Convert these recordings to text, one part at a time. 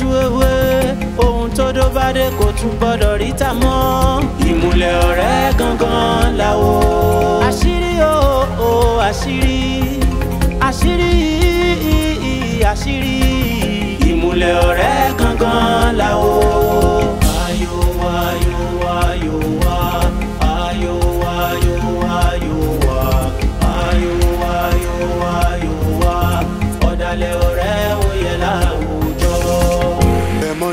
lójú ewé ohun tó dó bá dé kò tún gbọdọ̀ rí tà mọ́ ìmùlẹ̀ ọ̀rẹ́ gangan làwò. àṣírí o o àṣírí àṣírí àṣírí ìmùlẹ̀ ọ̀rẹ́ gangan làwò. ayò ayò ayò wa ayò ayò ayò wa ayò ayò ayò wa ọ̀dàlẹ̀ ọ̀rẹ́ òye làwò. mọ́ o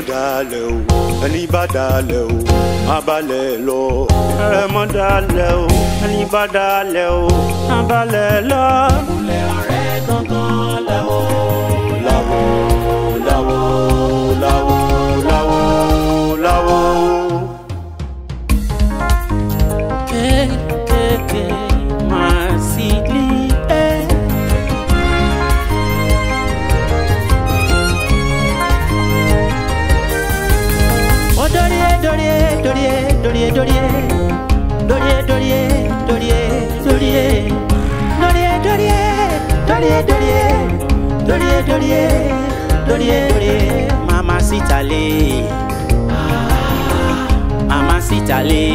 ẹni bá o má lọ. ẹ o ẹni bá o má lọ. gangan làwọ̀ làwọ̀. lórí eré mama síta lé mama síta lé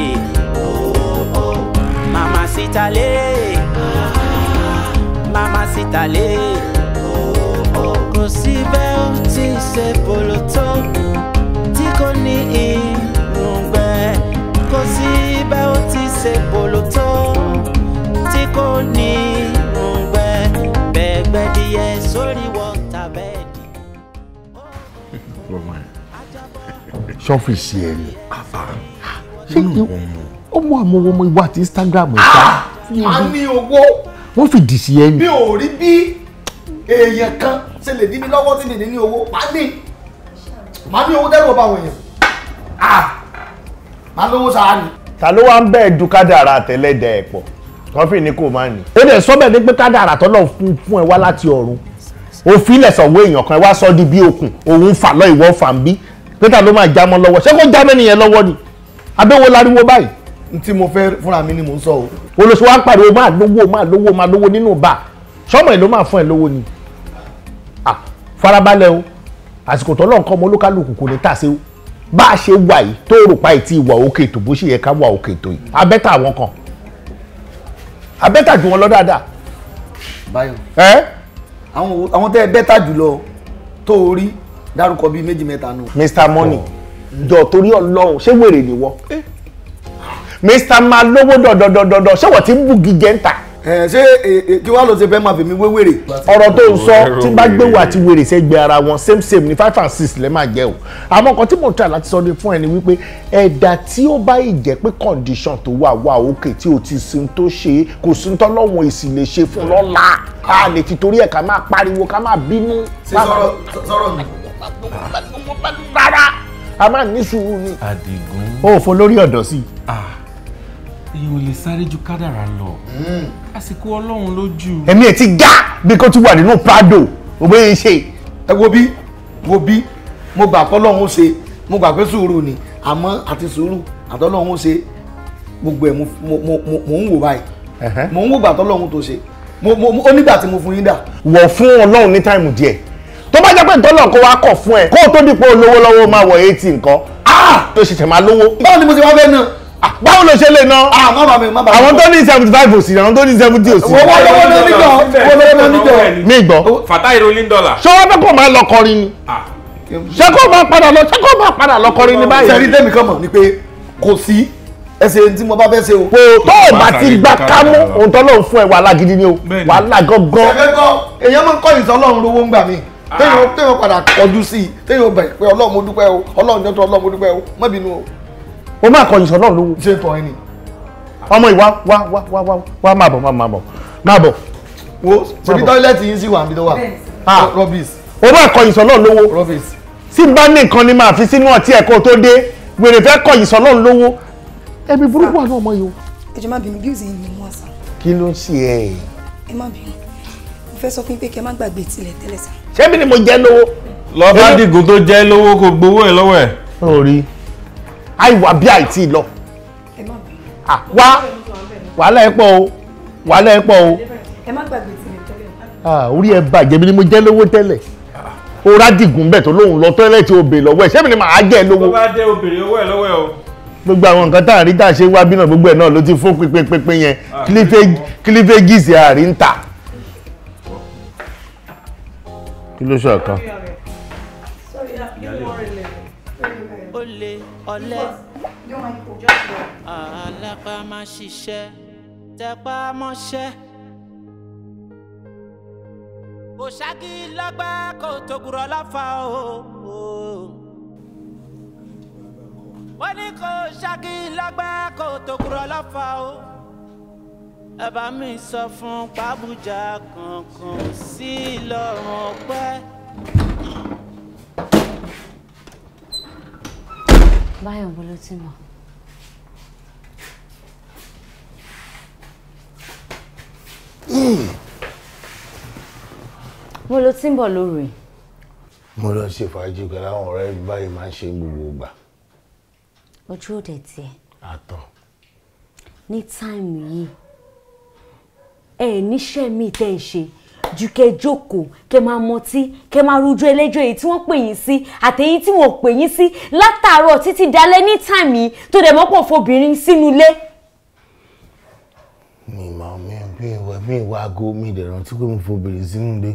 mama síta lé mama síta lé kò sí bẹ́ẹ̀ ó ti ṣe bolo tó tí kò ní irùngbẹ́ kò sí bẹ́ẹ̀ ó ti ṣe bolo tó tí kò ní irùngbẹ́. ṣọ́fíìsì ẹ̀ ni. ṣé ọmọ àwọn ọmọ ìwà àti Instagram ìta. Ah! a ní owó. wọ́n fìdí sí ẹ ni. mi ò rí bí èèyàn kan ṣe lè dí mi lọ́wọ́ tí lè ní owó má ní má ní owó dẹ́rù ọba àwọn èèyàn ah! má lówó sáà ni. ta ló wá ń bẹ́ẹ̀ du kádàrà àtẹlẹ́dẹ̀ ẹ̀ pọ̀ kọfí ni kò máa ní. ó dẹ̀ sọ́bẹ̀ ní pé kádàrà tọ́lọ̀ fún fún ẹ wá láti ọ̀run òfin ilẹ̀ sọ̀wọ́ èèyàn kan ẹ wá sọ́ di bí okùn òun fà lọ ìwọ fà ń bí pété ló máa jámọ́ lọ́wọ́ ṣé kó jámọ́ nìyẹn lọ́wọ́ ni abẹ́wò láriwo báyìí. n tí mo fẹ́ fúnra mi ni mò ń sọ o. olóṣù wa ń pariwo máa lówó máa lówó máa lówó nínú bá sọmọ ẹ ló máa fún ẹ lówó ni farabalẹ̀ o àsìkò tọ́lọ́ nǹkan ọmọ olúkálùkù kò ní tà sí o bá a ṣe wà yìí tó rò pa ìtì ìwà òkè tó bó ṣe yẹ ká wà òkè tó yìí abẹ́tà àwọn kan abẹ́tà jù wọn lọ dáadáa. báyọ̀ àwọn tẹ́ ẹ bẹ́tà jùlọ tó o rí dárúkọ bíi méjì mẹ́ta nù. mr money jọ hmm. torí ọlọ́run ṣé wèrè ni wọ́ eh. mr ma lówó dọ̀dọ̀dọ̀dọ̀ ṣé wọ́n ti ń bù gíjẹ́ ń ta. ẹ eh, ṣé eh, kí wàá lọ ṣe fẹ́ máa fèmí wé wèrè. ọ̀rọ̀ tó ń sọ tí bá gbéwò àti wèrè ṣẹ́gbẹ́ ara wọn same same ni five and six lẹ́ máa jẹ́ o àmọ́ nǹkan tí mo try láti sọ ní fún ẹ ni wípé ẹ̀dà tí ó bá ìjẹ́ pé condition tó wà wà òkè tí o ti sin tó ṣe kò sí tán lọ́wọ́n èsì lè ṣe fún lọ́la a lè ti torí ẹ̀ ká máa pariwo ká máa bínú. ṣe sọ̀rọ̀ sọ̀rọ̀ rárá a máa ní sùúrù ni. àdìgún. ó fo lórí ọ̀dọ̀ sí i. èèyàn ò lè sáré ju kádàrá lọ hmm. àsìkò ọlọ́run lójú. ẹ̀mí ẹ̀ ti gá bí kò tún wà nínú prado òbí ẹ̀ ń ṣe. ẹ wo bí wo bí mo gbà pé ọlọ́run ó ṣe mo gbà pé sùúrù ni àmọ́ àti sùúrù àtọ́lọ́run ó ṣe gbogbo ẹ̀ mo ń wò báyìí mo ń wò gbà tọ́lọ́run tó ṣe ó nígbà tí mo fún yín dà. wọ̀ fún ọlọ́run ní táìmù díẹ̀ tó bá jẹ́ pé dọ́là kó wá kọ̀ fún ẹ kó o tó dípò olówó lọ́wọ́ máa wọ eighty nǹkan ah, ah! tó ṣẹ̀ṣẹ̀ máa lówó. báwo ni mo ti wá fẹ́ náà ah! báwo ló ṣe lè ná ah, àwọn tó ní seventy five òsì àwọn tó ní seventy òsì. wọ́n wá lọ́wọ́ ní nígbà wọ́n lọ́wọ́ ní nígbà. mi gbọ́. Oh, fatahi rolling dollar. ṣé wọn kò máa lọ kọrin ni. ṣé kò máa padà lọ ṣé kò máa padà lọ kọrin ni báyìí. sẹ́ni tẹ́mi kan mọ̀ ni pé kò sí ẹsẹ̀ tí mo bá fẹ́ ṣe o. kò tó o bá ti gba kámú òǹtọ́ lòun fún ẹ wàhálà gidi ni o wàhálà gangan. èèyàn máa ń kọ́ ìsọ́lọ́run lówó ń gbà mí téèyàn téèyàn padà kọjú sí i téèyàn bẹ̀ pé ọlọ́run mo dúpẹ́ o ọlọ́run jọ́tọ̀ ọlọ́run mo dúpẹ́ o má bínú o. o máa kọyìn sọ ọlọ́run lówó. ṣé tọ ẹ ni. ọmọ ìwà wá wá wá wá wá máa bọ̀ máa bọ̀ máa bọ̀. wo ṣèbí tọ́ílẹ̀tì yín sì wà níbi tó wà. Ah, ah. rubbish. o máa kọyìn sọ ọlọ́run lówó. rubbish. tí bá ní nǹkan ni máa fi sínú ọtí ẹ̀ kó tó dé wèrè fẹ́ kọyìn sọ ọlọ́run lówó. ẹ fẹ́ sọ fún pé kí ẹ má gbàgbé tilẹ̀ tẹ́lẹ̀ sá ṣebí ni mo jẹ́ lówó. lọ bá dìgún tó jẹ́ lówó kó gbowó ẹ̀ lọ́wọ́ ẹ̀. orí àìwà bí àìtí lọ wá wàhálà ẹ pọ̀ o wàhálà ẹ pọ̀ o. ẹ má gbàgbé tìǹbù tẹ́lẹ̀. orí ẹ bàjẹ́ mi ni mo jẹ́ lówó tẹ́lẹ̀ ora dìgún bẹ̀ tó lóun lọ tọ́lẹ̀tì obìnrin lọ́wọ́ ẹ̀ ṣebí ni màá jẹ́ lówó. tó bá jẹ́ obìnrin owó ẹ̀ lọ́wọ́ ẹ̀ o gbogbo àwọn nǹkan tá à ń rí tá à ṣe wá bí náà gbogbo ẹ̀ náà ló ti fún pínpín yẹn cleavages àárín ta. kí ló ṣàkà. olè ọ̀lẹ kò tògùrọ̀ láfa o. wọ́n ní kò ṣáàkì lágbá kò tògùrọ̀ láfa o ẹ bá mi sọ fún pàbùjà kankan sí lọ́rùn ọpẹ́. báyọ̀ wo ló ti mọ̀. mo lọ tí ń bọ̀ lórí. mo lọ ṣe fàájì pẹ̀lú àwọn ọ̀rẹ́ báyìí máa ń ṣe gbogbo ìgbà. ojú òde tiẹ̀. àtọ̀. ní táìmù yìí ẹ níṣẹ́ mi tẹ́ ẹ ṣe ju kẹ́ jókòó kẹ́ máa mọtí kẹ́ máa rújú ẹlẹ́jọ́ èyí tí wọ́n pè yín sí àtẹ̀yìn tí wọ́n pè yín sí látàárọ̀ títí dalẹ́ ní tàmí tó dẹ̀ mọ́pọ̀ fobìnrin sínú ilé. mi máa mi bí ìwà mi ìwà aago mi dẹ̀ rántí pé mo fobìnrin sínú ilé.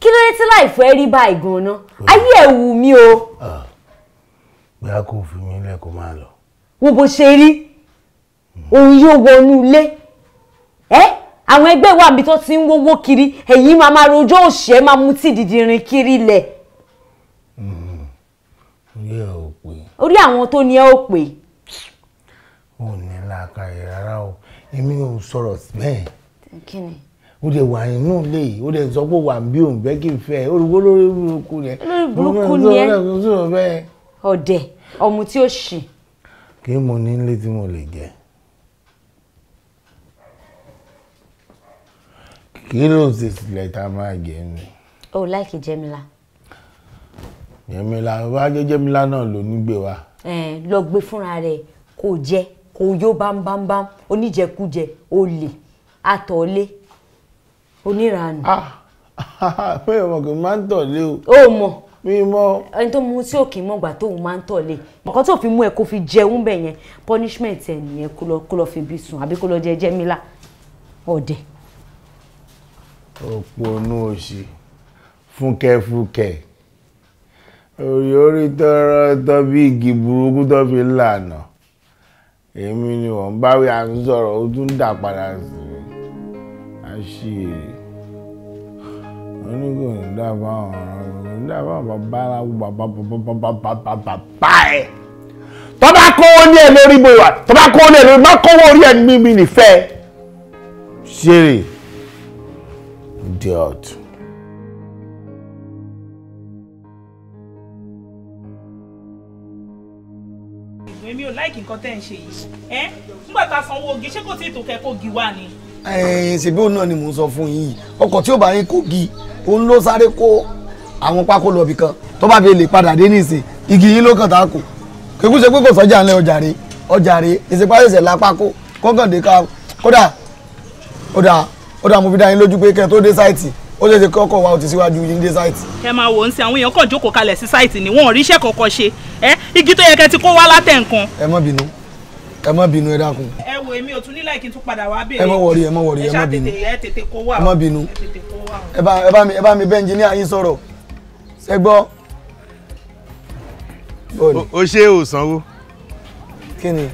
kí ló dé tí láìfọ́ ẹ rí báyìí gan-an ayé ẹ̀ wù mí o. bí a kò fi mí lẹ̀ kó máa lọ. wo bó ṣe rí òun yóò wọnú ilé ẹ́ àwọn ẹgbẹ́ wa mi tó ti ń wówó kiri ẹ̀yin máa máa rojọ́ òṣìṣẹ́ máa mutí dìdìrín kiri lẹ̀. orí ẹ ò pé. orí àwọn tó ní ẹ ò pé. ò ní làákàyè rárá o èmi ò sọ̀rọ̀ bẹ́ẹ̀. kí ni. o lè wà nínú ilé yìí o lè sọ pé wà ń bí òun bẹ́ẹ̀ kì í fẹ́ olùkó lórí burúkú yẹn. lórí burúkú yẹn ọ̀dẹ̀ ọmú tí ó ṣì. kí mo ní ilé tí mo lè jẹ. kí ló ti tilẹ̀ tá a máa jẹ ni. o ò láìkí jẹmílá. jẹmílá wá jẹ jẹmílá náà ló ní gbé wa. ẹ lọ gbé fúnra rẹ kò jẹ kò yó bámbámbám oníjẹkújẹ olè àtọ̀lé oníranù. Ah, mi ò mọ̀ kí n máa ń tọ̀lé o. o mọ̀ mi mọ. ẹni tó mu tí òkè mọ̀gbà tóun máa ń tọ̀lé nǹkan tó fi mú ẹ kó fi jẹun bẹ̀ punishment ẹ nìyẹn kó lọ fi bí sùn àbí kó lọ jẹ jẹ́mílá ọ̀dẹ̀ òpònú òṣì fúnkẹ́fúnkẹ́ orí orí tọrọ tọ bí igi burúkú tó fi lànà èmi ni wọ́n bá wí à ń sọ̀rọ̀ ó tún dà padà sí mi àṣìírí onígò ń dábàá ọ̀rọ̀ ń dábàá bàbá aláwọ̀ bàbá bàbá bàbá bàbá ẹ̀ tó bá kówó ní ẹ̀ lórí bòwà tó bá kówó ní ẹ̀ lórí bá kówó orí ẹ̀ ní mímí nìfẹ́ ṣeré. Idiot. èmi ò láìkì nǹkan tẹ́ ń ṣe yìí ẹ nígbà tá a sanwó oge ṣé kò tí ì tó kẹ́ kógi wá ni. ṣèbí òun náà ni mò ń sọ fún yín ọkọ̀ tí ó bá yín kógi òun ló sáré kó àwọn pákó lọ ibì kan tó bá fi lè padà dé nísìn igi yín ló kàn tá a kù kíkú ṣe pé kò sọ́jà ńlẹ̀ ọjà rè ọjà rè ìsìnpá ṣẹ̀ṣẹ̀ la pákó kọ́kàndé ká kódà kódà ó dà mo fi dá yín lójú pé kẹ́ tó dé sáìtì ó ṣeéṣe kọ́kọ́ wa ò ti síwájú yín dé sáìtì. ẹ máa wò ó ń sin àwọn èèyàn kàn jókòó kalẹ̀ sí sáìtì ni wọn ò ríṣẹ́ kankan ṣe ẹ igi tó yẹ kẹ́ ti kó wá látẹ̀ nǹkan. ẹ má bínú ẹ má bínú ẹ dákun. ẹ wo èmi ò tún nílẹ̀ kí n tún padà wá béèrè. mi ẹ mi bá ẹnjìníà yín sọ̀rọ̀ ẹ gbọ́. o ṣe o sanwó. kí ni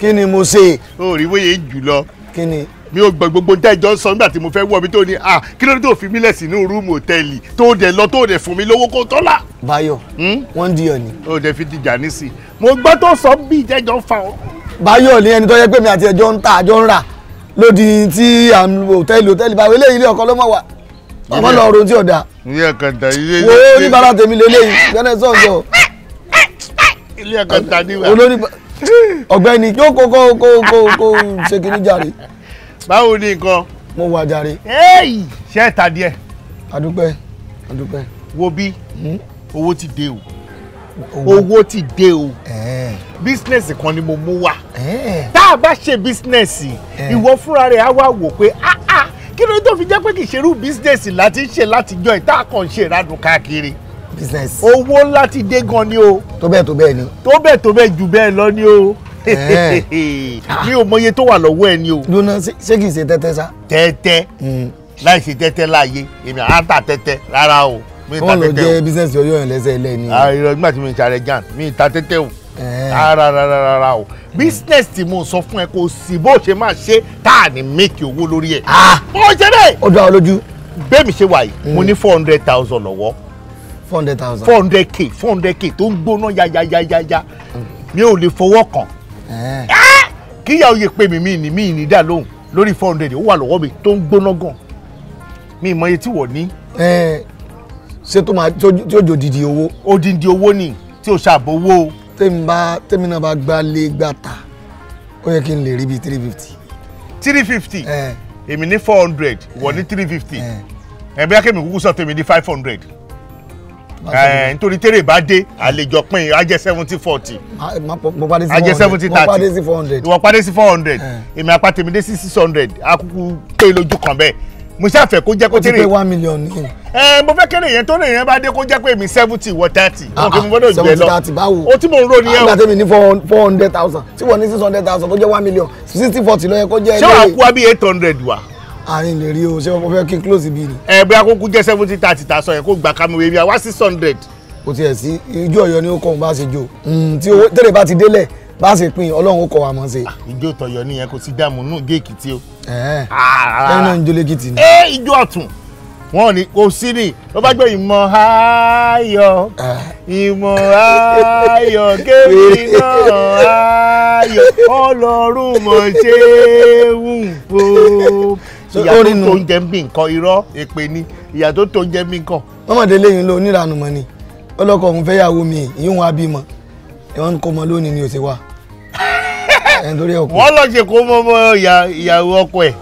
kí ni mo ṣe. o rí wòye jù kí ni mi ò gbọ́ gbogbo nta ìjọ sọ nígbà tí mo fẹ́ wọ̀ mi tó ní à ah, kí ló dé tó fi mílẹ̀ sínú rúùmù òtẹ́ẹ̀lì tó dẹ̀ lọ tó dẹ̀ fún mi lówó kó tọ́lá. Báyọ̀ hmm? wọ́n di ọ̀nì. o dẹ̀ fi dìjà nísì mo gbọ́ tó sọ bí ìjẹ́jọ́ fa ọ. Báyọ̀ ní ẹni tó yẹ pé mi àti ẹjọ́ ń ta àjọ ń rà lódì tí um, òtẹ́ẹ̀lì òtẹ́ẹ̀lì báwo eléyìí ilé ọkọ ló mọ̀ wá ọmọ lọ ro tí ọ̀dà. ilé ẹ̀kan yóò kó kó kó kó ṣe kìíní jàre báwo ni nǹkan. mo wà jàre. ṣé ẹ ta díẹ̀. àdúpẹ́ àdúpẹ́. wo bí hmm? owó ti dé o owó ti dé o eh. bísínẹ́sì kan ni mo mú wá eh. tá a bá ṣe bísínẹ́sì eh. ìwọ fúnra rẹ̀ á wá wò pé ah, ah, kí ló tó fi jẹ́ pé kì í ṣerú bísínẹ́sì láti ṣe látijọ́ ìta kan ṣe ìrádùn káàkiri business. owó ńlá ti dé gan ni o. tó bẹ́ẹ̀ tó bẹ́ẹ̀ ni. tó bẹ́ẹ̀ tó bẹ́ẹ̀ jù bẹ́ẹ̀ lọ ni o. mi ò mọye tó wà lọ́wọ́ ẹ ni o. lónà ṣé kìí ṣe tẹ́tẹ́ sá. tẹ́tẹ́ hmm. láì ṣe tẹ́tẹ́ láàyè èmi àá ta tẹ́tẹ́ rárá o mi ta tẹ́tẹ́ o. wọ́n lọ jẹ́ bísíǹsì ọyọ́ yẹn lẹ́sẹ̀ lẹ́ni. àìrọ̀ ah, nígbà tí mi ń ṣàrẹ̀ jan mi ta tẹ́tẹ́ o rárá rárá rárá o business tí mo sọ fún ẹ kò sí bó ṣe máa ṣe tá a ní make owó lórí ẹ. Ah! mo ṣe bẹ́ẹ̀. ó dá ọ lójú. bẹ́ẹ̀ mi ṣe wà yìí mo hmm. ní four hundred thousand lọ́wọ́ four hundred thousand four hundred k four hundred k tó ń gbóná yayayayaya hmm. mi ò lè fọwọ́ kàn Eh. kíyà oyè pé mi mi ní mi ní dá lóhùn lórí four hundred ó wà lọ́wọ́ mi tó ń gbóná gan mi ìmọ̀ iye tí wọ́n ní. Eh, ṣé tó máa tí ó jò dìdì owó. odindi owó ni tí o ṣàbówó. tèmi bá tèmi náà bá gba lé gba ta ó yẹ kí n lè rí bíi three fifty. three fifty eh. èmi ní four hundred ìwọ ní three fifty ẹ̀ẹ́dẹ́gbẹ́kẹ́ mi kúkú sọ tèmi ní five hundred nítorí tèrè bá dé àlejò pín in seventy forty. mo seventy thirty mo padé sí four hundred. ìwọ padé sí four hundred èmi apátẹ́mídé sí six hundred akuku pé lójú kan bẹ́ẹ̀ mo ṣáà fẹ́ kó jẹ́ kó tèrè. one million ní. ẹ mo fẹ́ kéré yẹn tó lè yẹn bá dé kó jẹ́ pé mi seventy wọ thirty. wọn kì í gbọ́dọ̀ jù ẹ lọ seventy thirty báwo. o tí mo ń ro nìyẹn o. àgbà ní four hundred thousand tí wọ́n ní six hundred thousand tó jẹ́ one million sixty forty ló yẹ kó jẹ́. ṣé wàá kú wa bí eight hundred wa àárín lè rí o ṣé mo fẹ́ kí n close ibi ni. ẹ bí akókó jẹ́ seventy thirty ta sọ yẹn kó gba kamiwe bíi wá six hundred. kò tiẹ̀ sí ijó ọ̀yọ́ ni ó kọ́ òun bá ṣe jò hmm, tí owó tẹ́lẹ̀ bá ti délẹ̀ bá ṣe pin ọlọ́run ó kọ́ wa mọ̀ ṣe. Ah, ijó tọ̀yọ́ nìyẹn kò sí dààmú nù gé èkìtì o. ẹ ah. ẹ náà ń jó lẹ́kìtì ni. ẹ ijó ọ̀tún wọn ni kò sí ni ló bá gbé ìmọ̀ ayọ̀ ìmọ̀ ayọ̀ kébì náà ayọ̀ ọlọ́run mọ̀ ṣe é wù fún ìyà tó tó oúnjẹ ń bí nǹkan irọ́ èpè ni ìyà tó tó oúnjẹ ń bí nǹkan. mọ́mọ́dé lẹ́yìn ló oníranù mọ́ ni ọlọ́kọ̀ òun fẹ́ yàwó mi ìyóhun abímọ ẹ̀wọ̀n ń kọ́ ọmọ lónìí ni ò sí wa. wọ́n lọ ṣe kó mọ́ mọ́ ìyàwó ọkọ ẹ̀.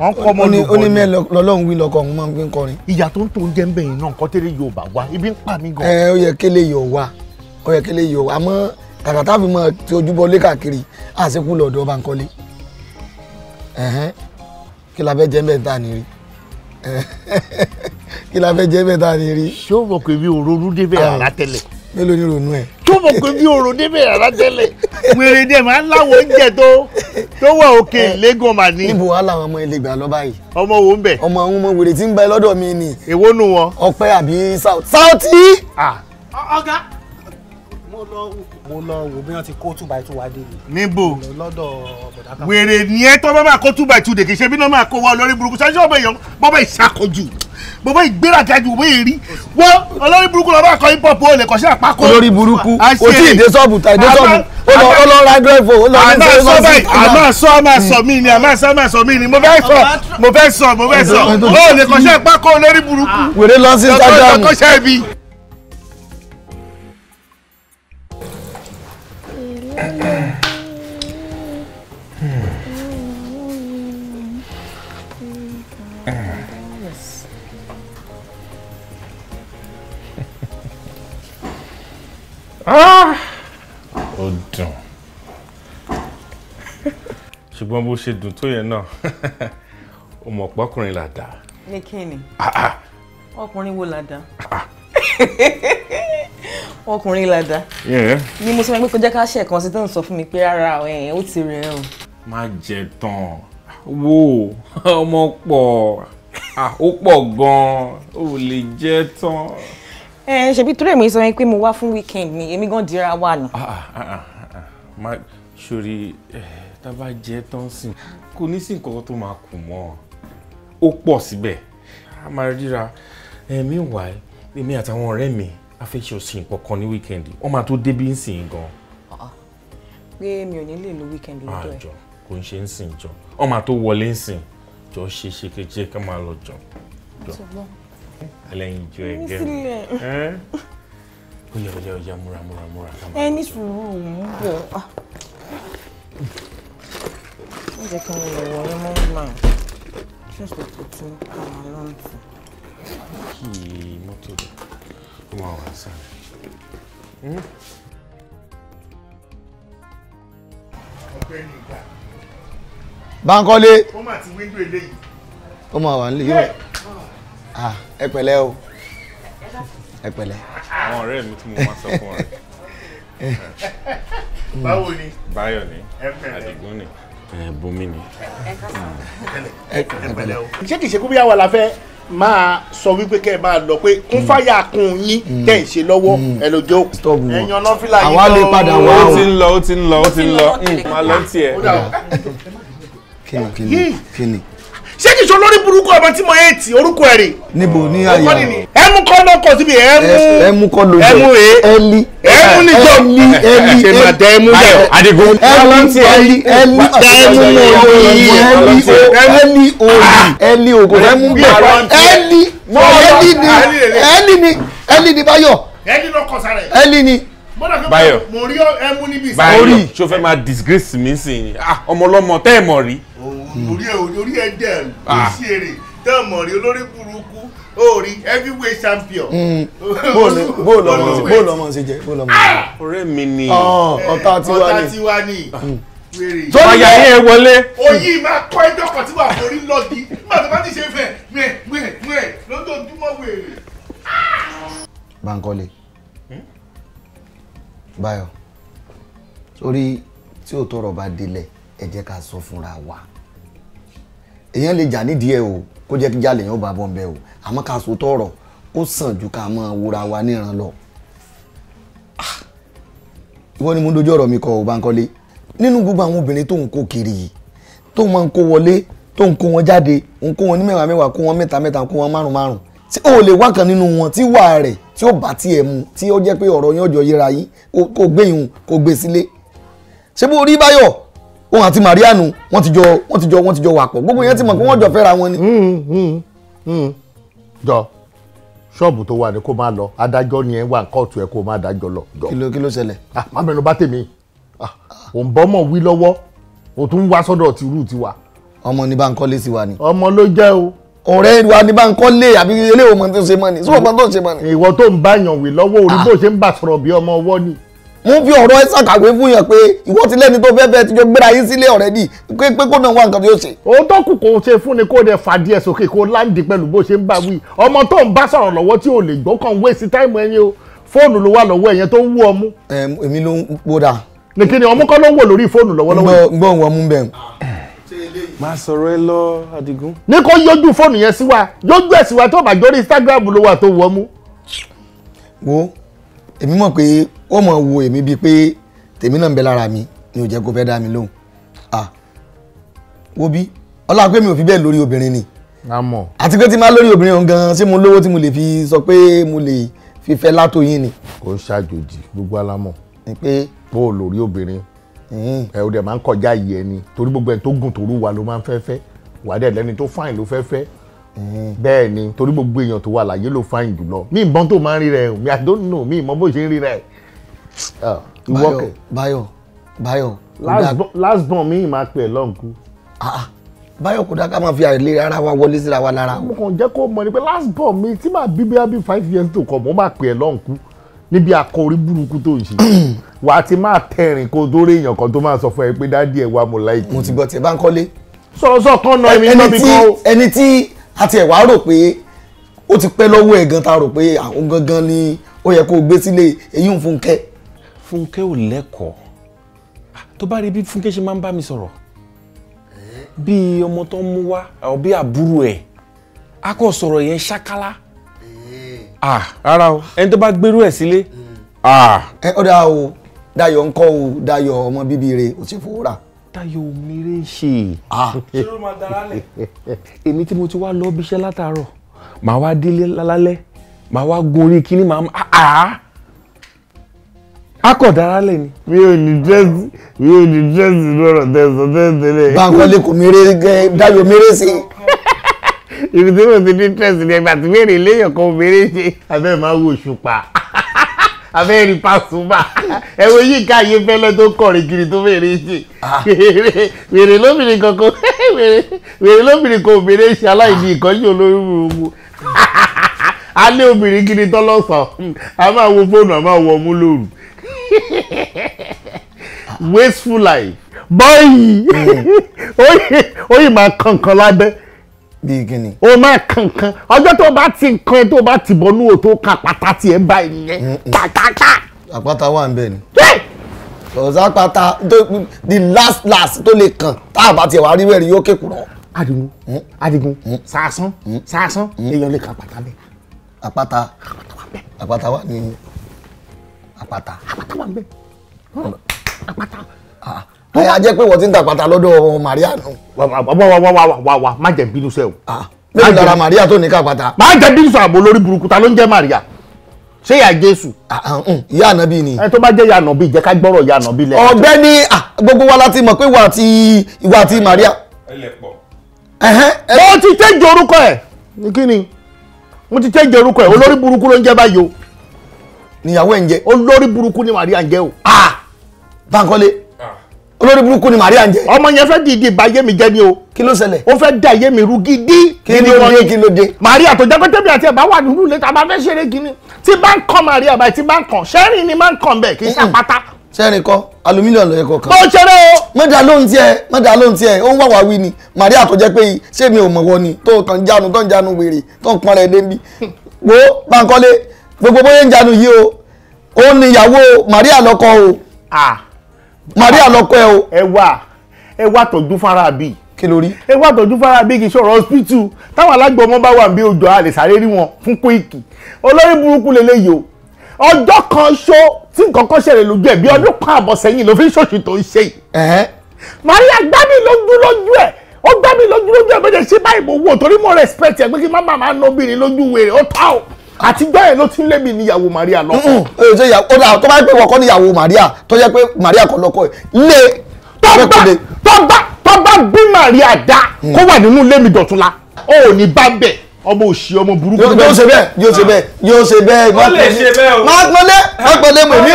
wọ́n kọ́ ọmọ lóko ó ní mẹ́ lọ́lọ́run wí lọkọ̀ òun máa ń kọrin. ìyà tó ń tó ń bẹ̀ náà nǹkan yóò bá wa ibi ń pa kí la fẹ́ jẹ́ bẹ́ẹ̀ tá a ní rí kí la fẹ́ jẹ́ bẹ́ẹ̀ tá a ní rí. ṣé o mọ̀ pé mi ò ronú débẹ̀ rárá tẹ́lẹ̀. Ah, mélòó ni ronú ẹ̀. tó mọ̀ pé mi ò ronú débẹ̀ rárá tẹ́lẹ̀ wèrè dẹ̀ máa ń láwọn oúnjẹ tó tó wà òkè eh, lẹ́gàn mà ní. níbo wàá làwọn ọmọ ilé gbà lọ báyìí. ọmọ wo ń bẹ. ọmọ àwọn ọmọ wèrè tí ń bẹ lọ́dọ̀ mi ni. èwo nu wọn. ọpẹ àbí Saoty. Ah. ọ̀gá mo lọ wò bí wọ́n ti kó two by two wá dé níbo lọ́dọ̀ bọ̀dákà. wèrè ni ẹ tọ́ bá máa kó two by two dèkì ṣe bí náà máa kó wa olórí burúkú ṣáájú ọ̀bẹ yẹn bọ́bá ìṣàkójú bọ́bá ìgbéraga ju bọ́bá èrí wọ́n olórí burúkú lọ́ba kọ́ hip hop ó kọ́ sí àpákó. olórí burúkú o tí dé sọ́ọ̀bù ta ìdé sọ́ọ̀bù ó lọ ra drive o ó lọ ní sọ́ọ̀bù. àmọ́ sọ àmọ́ sọ mí ni àmọ́ sọ àmọ́ sọ mí ni mo fẹ́ sọ mo fẹ́ sọ mo fẹ́ sọ ó kọ́ sí àpákó olórí burúkú. wèrè lọ sí Instagram. Ah! ó dùn ṣùgbọ́n bó ṣe dùn tó yẹn náà ó mọ̀ pọ́kùnrin là dá. ní kíni ah, ah. ọkùnrin wo là dá ọkùnrin là dá ni mo sọ fún mi pé kó jẹ́ ká ṣe ẹ̀kan sí tó ń sọ fún mi pé rárá ó ti rẹ̀ ẹ́ o. má jẹ tán wo ọmọ pọ̀ ó pọ̀ gan-an ó lè jẹ tán ẹ eh, ṣebí torí èmi sọ yẹn pé mo wá fún weekend mi èmi gan dira wà nù. Ah, ah, ah, má sori eh, tá a bá jẹ tán sí kò ní sí nǹkan tó máa kù mọ́ ó pọ̀ síbẹ̀ a máa ríra ẹ̀mí eh, wà èmi àtàwọn ọ̀rẹ́ mi a fẹ́ ṣe òsì nǹkan kan ní weekend wọ́n máa tó débi ń sìn gan. pé mi ò ní lè lo weekend lọ́dọ̀ ẹ̀. àjọ kò ń ṣe ń sìn jọ wọ́n máa tó wọlé ń sìn jọ ṣe ṣe kejì ká máa lọ jọ alẹ́yinjú ẹ̀gẹ́ ó yẹ ó yẹ ó yẹ múra múra múra. ẹ ní sùúrù mú bọ̀ ọ́ ah. ó jẹ́ kí n lè wọlé mọ́ náà ṣọ́ọ̀ṣì kò tún kàmá lọ́ǹtì. kí mọ́tò rẹ̀ ó máa wà sáà. Hmm? Bánkọ́lé. ó mà ti wíńdò eléyìí. ó mà wà nílé yóò ẹ pẹ̀lẹ́ o ẹ pẹ̀lẹ́. àwọn ọ̀rẹ́ mi tí mo máa sọ fún ọ̀rẹ́. báwo ni. báyọ̀ ni àdìgún ni bùnmi ni. ẹ pẹ̀lẹ́ o. ṣé kìí ṣe kó bí àwa la máa sọ wípé kẹ́ ẹ máa lọ pé kún mm. fáyà kun yín mm. tẹ̀ ń ṣe lọ́wọ́ mm. ẹ ló jẹ́ òkú. ẹ̀yin ọ̀nà fìlà yìí lọ. àwa lè padà wá o. ó ti ń lọ ó ti ń lọ ó ti ń lọ máa lọ tiẹ̀. kí ni kí ni kí ni ṣé kìí ṣe olórí burúkú ọmọ tí mo yé ti orúkọ ẹ rè. níbo ní àyà ẹmu kọ́ ló kọ síbi ẹmu ẹmu kọ́ ló jẹ ẹmu rè ẹli ẹmu níjọ ẹli ẹli ṣe máa tẹ ẹmu yẹ adigun ẹli ẹli ẹli ẹmu olórí ẹli olórí ẹli ogo ẹmu bẹ ẹli ẹli ni ẹli ni ẹli ni Báyọ̀ ẹli ni Báyọ̀ mo rí ẹmu níbi ìsìn. Báyọ̀ ṣo fẹ́ máa disgrace mi sìn yín ọmọ ọlọ́mọ tẹ́ ẹ̀ mọ̀ rí. Hmm. orí ẹ orí ẹ dẹrù kò ah. sí èrè tẹ́ẹ̀mọ̀ rí olórí burúkú orí heavyweight champion. Hmm. bóòlù ọmọ bóòlù ọmọ ṣe jẹ bóòlù ọmọ ṣe. Ah! ọ̀rẹ́ mi ni ah, ọ̀tá eh, tiwa ni ni tó yẹn wọlé. oyin máa kọ́ ẹjọ́ kan tí wàá forí lọ́ọ̀dì nígbà tó ṣe fẹ́ mẹ́ mẹ́ mẹ́ lójoojúmọ́ wèrè. Bankole hmm? Báyọ̀ sórí tí òótọ́ ọ̀rọ̀ bá délẹ̀ ẹ jẹ́ ká sọ fúnra wa èèyàn lè jà nídìí ẹ o kó jẹ́ kí jà lèèyàn bá bọ̀ ń o àmọ́ ká so tọ̀rọ̀ ó sàn ju ká máa wúra wa níran lọ. Ah! ìwọ ni mo dojú ọ̀rọ̀ mi kọ ò Bánkọ́lé nínú gbogbo àwọn obìnrin tó ń kó kiri yìí tó máa ń kó wọlé tó ń kó wọn jáde ń kó wọn ní mẹ́wàá mẹ́wàá kó wọn mẹ́ta mẹ́ta kó wọn márùn márùn tí o lè wá kan nínú wọn tí wà rẹ̀ tí ó bá tiẹ̀ mu tí ó jẹ́ pé ọ̀rọ̀ yín ọjọ́ yíra yín kò gbé ìhùn kò gbé sílé ṣé bó rí báyọ̀ òun àti marianu wọ́n ti jọ wọ́n ti jọ wọ́n ti jọ wà pọ̀ gbogbo yẹn ti mọ̀ pé wọ́n jọ fẹ́ra wọn ni. Hmm, hmm, hmm. jọ ṣọ́ọ̀bù tó wà ní kó máa lọ adájọ́ ni ẹ wà ní kóòtù ẹ kó máa dájọ́ lọ. kí ló kí ló ṣẹlẹ̀. ah má mẹ́nu bá tèmi ah, òun bọ́ mọ̀ wí lọ́wọ́ o tún wá sọ́dọ̀ ti rú tiwa. ọmọ ní Bánkọ́lé sí wa ni. ọmọ ló jẹ́ o. ọ̀rẹ́ wa ní Bánkọ́lé àbí eléwòmọ̀ tó ṣe mọ́ ni sọ́wọ́ kan tó ṣe mọ́ ni. ìwọ tó ń bá yàn wí lọ́wọ́ orí bó ṣe ń bà sọ̀rọ̀ mú fi ọ̀rọ̀ ẹ ṣàkàwé fún yàn pé ìwọ ti lẹ́ni tó fẹ́ fẹ́ ti jọ gbéra yín sílé ọ̀rẹ́dì pé pé kó náà wá nǹkan tí ó ṣe. òun tó kù kò ṣe fún ni kó dẹ fàdí ẹ sókè kó láǹdì pẹ̀lú bó ṣe ń bá wí ọmọ tó ń bá sọ̀rọ̀ lọ́wọ́ tí ò lè gbọ́ kàn wéṣì táìmù ẹyin o fóònù ló wà lọ́wọ́ ẹ̀yẹn tó ń wú ọmú. èmi ló ń gbódà. nìkí ni ọmú kọ́ ló ń wò lórí fóònù lọ́wọ́lọ́wọ́. gbọ́n wọn mú bẹ́ẹ̀. máa sọ̀rọ̀ ẹ lọ Adigun. ní kó yọjú fóònù yẹn sí wa Instagram ló wà tó wọ́ mú. wo èmi mọ̀ pé ó mọ̀ wo èmi bíi pé tèmi náà ń bẹ lára mi ni ò jẹ́ kó fẹ́ dá mi lóhùn ah wo bí ọlọ́run pé mi ò fi bẹ́ẹ̀ lórí obìnrin ni àti pé tí máa lórí obìnrin òun gan-an ṣé mo lówó tí mo lè fi sọ pé mo lè fífẹ́ látò yín ni. ó ń ṣàjòjì gbogbo alámọ̀ pé bó o lórí obìnrin ẹ o dẹ̀ máa ń kọjá yìí ẹni torí gbogbo ẹni tó gùn torú wa ló máa ń fẹ́ fẹ́ wà á dẹ̀ lẹ́ni tó fáìn ló fẹ́ fẹ́ bẹ́ẹ̀ ni torí gbogbo èèyàn tó wà láyé ló fáìn jùlọ mí ìbọn tó máa ń rí rẹ̀ mi I don't mí ìmọ̀ bó ṣe ń rí rẹ̀ Oh. ìwọ́kẹ̀. Bayo, Bayo. last born mi máa pè lọ́nkú. Ah, ah. Báyọ̀ kò dá ká máa fi àìlera ara wa wọlé síra wa lára. mo kàn jẹ́ kó mọ̀ ni pé last born mi tí màá bí bíi five years tó kọ̀ mo máa pè lọ́nkú níbi àkọrí burúkú tó ń ṣe wàá ti máa tẹ̀rìn kó dórí èèyàn kan tó máa sọ fún ẹ pé dádì ẹ wa mo láìkí. mo ti gbọ́ tiẹ̀ bá ń kọ́lé. sọ̀rọ̀sọ̀ kan nọ èmi náà bí kan o. ẹni tí a tiẹ̀ wá rò pé ó ti pẹ́ lọ́wọ́ ẹ̀ gan ta rò pé àwọn gangan ni ó yẹ kó gbé sílé eyín fún kẹ́ fúnkẹ́ ò lẹ́kọ̀ọ́ tó bá rí bí fúnkẹ́ ṣe máa ń bá mi sọ̀rọ̀ bí ọmọ tó ń mú wá àbí àbúrò ẹ̀ a kò sọ̀rọ̀ yẹn ṣákálá rárá o ẹni tó bá gbérú ẹ̀ sílé. ẹ ó dáa o Dayọ̀ ń kọ́ o Dayọ̀ ọmọ bíbí rẹ̀ ò sì fowó rà. Dayọ̀ omire ṣe. èmi tí mo ti wá lọ bíṣẹ́ látàárọ̀ màá wá délé lálálẹ́ màá wá gun orí kínní màá akọ̀dára lè ní. mi ò ní dírẹ́sì mi ò ní dírẹ́sì lọ́rọ̀ tẹ̀sán tẹ́sílẹ̀. Bankole kò mèrè Dayo mèrè sí. ibi tí mo ti ní dírẹ́sì ni ẹgbàá tí mèrè léèyàn kan mèrè ṣe abẹ́ máa wo òṣùpá abẹ́ rí Pasuma ẹ wo yìí ká yé fẹ́lẹ́ tó kọ̀rin kiri tó mèrè ṣe wèrè ah. lóbìnrin kankan wèrè lóbìnrin kan mèrè ṣe aláìní ìkọ́jú olórí gbogbo alẹ́ obìnrin kiri tọ́lọ́sàn a máa wo fóònù a máa wọ ọmú lóru wasteful life bọ́ọ̀yì oyè máa kankan lábẹ́ bíi gini. o máa kankan ọjọ́ tó bá ti nǹkan ẹ tó bá ti bọ́ núwò tó kan àpáta tiẹ̀ báyìí nìyẹn tàtàtà. àpáta wà ń bẹ̀ ni ọ̀sápátá the last last tó lè kàn tá a bá tiẹ̀ wá rí wẹ̀rí yóò kékùrọ̀. adigun mm. adigun mm. sàásán mm. sàásán èèyàn lè kan àpáta bẹ́ẹ̀. àpáta àpáta wà ní àpáta àpáta wà ń bẹ àpáta. ẹ ah, ah. á jẹ́ pé wọ́n ti ń ta àpáta lọ́dọ̀ Maria nù. wà wà wà wà wà wà má jẹ́ bínú sẹ́ o. bẹ́ẹ̀ ah, dára Maria tó ní ká àpáta. má jẹ́ bínú sọ àbò lórí burúkú ta ló ń jẹ́ Maria ṣé ìyá Jésù. Mm, ìyá ànábì ni. ẹ tó bá jẹ́ ìyá ànábì jẹ́ ká gbọ́rọ̀ ìyá ànábì lẹ́yìn. ọ̀gbẹ́ni gbogbo wa láti mọ̀ pé ìwà àti ìwà àti Maria. ẹ lè pọ̀. mo ti tẹ́jọ orúkọ ẹ̀ kí ni mo ti tẹ́jọ orúkọ ẹ̀ olórí burúkú ló ń jẹ́ báyìí o níyàwó ẹ̀ ń jẹ olórí burúkú ni Maria ń jẹ o Bankole olórí burúkú ni Maria ń jẹ. ọmọ yẹn fẹ́ dìídì ba yé mi jẹ́ ni o. kí ló ṣẹlẹ̀. ó fẹ́ da yé mi rú gidi. kí ló dé kí ló dé. Maria tó jẹ́ pé tẹ́bi àti ẹ̀bá wà nínú ilé tàbá fẹ́ ṣeré gini tí bá ń kàn Maria báyìí tí bá ń kàn sẹ́rìn ni máa ń kàn bẹ́ẹ̀ kì í ṣe àpáta. sẹ́rìn kọ́ alumílíọ̀nù lọ́yẹ̀ kọ̀ọ̀kan. bó ṣeré o. mọ̀dà ló ń tiẹ̀ mọ̀dà ló ń tiẹ̀ Maria tó jẹ́ pé ni tó kàn jánu tó ń jánu wèrè tó ń pọn rẹ̀ débi gbogbo bóyá ń janu yìí o ó ní ìyàwó Maria lọ́kọ o Maria lọ́kọ ẹ o. ẹ wá ẹ wá tọ́jú fara bíi kí lórí. ẹ wá tọ́jú fara bí kì í ṣọ̀rọ̀ hospital táwọn alágbọ̀mọ́ bá wà bí ojú àlè sáré rí wọn fún kúìkì olórí burúkú lélẹ́yìí o ọjọ́ kan ṣó tí nǹkan kan ṣẹlẹ̀ lójú ẹ̀ bí ọdún kan àbọ̀ sẹ́yìn ló fi ṣòṣì tó ń ṣe yìí. Maria gbá mi lójú lójú ẹ̀ ó gbá mi lójú lójú ẹ̀ bó ṣe ṣe báyìí mo wò torí mo respect ẹ̀ pé kí má bàa máa nóbìnrin lójú wèrè ó tà ó àtijọ́ yẹn ló ti ń lé mi níyàwó Maria lọ. ó dà tó bá pè wọ́kọ́ níyàwó Maria tó jẹ́ pé Maria kọ́ lọ́kọ́ ẹ̀ lé. tọ́gbà tọ́gbà bí Maria dá mm. kó wà nínú ilé mi dọ̀túnla ó ò ní bá bẹ̀ ọmọ òṣì ọmọ burúkú bẹ́ẹ̀. yóò ṣe bẹ́ẹ̀ yóò ṣe ah. bẹ́ẹ̀ yóò ṣe bẹ́ẹ̀. ó lè ṣe bẹ́ẹ̀ o. máa pẹ́lẹ́ mọ̀ mí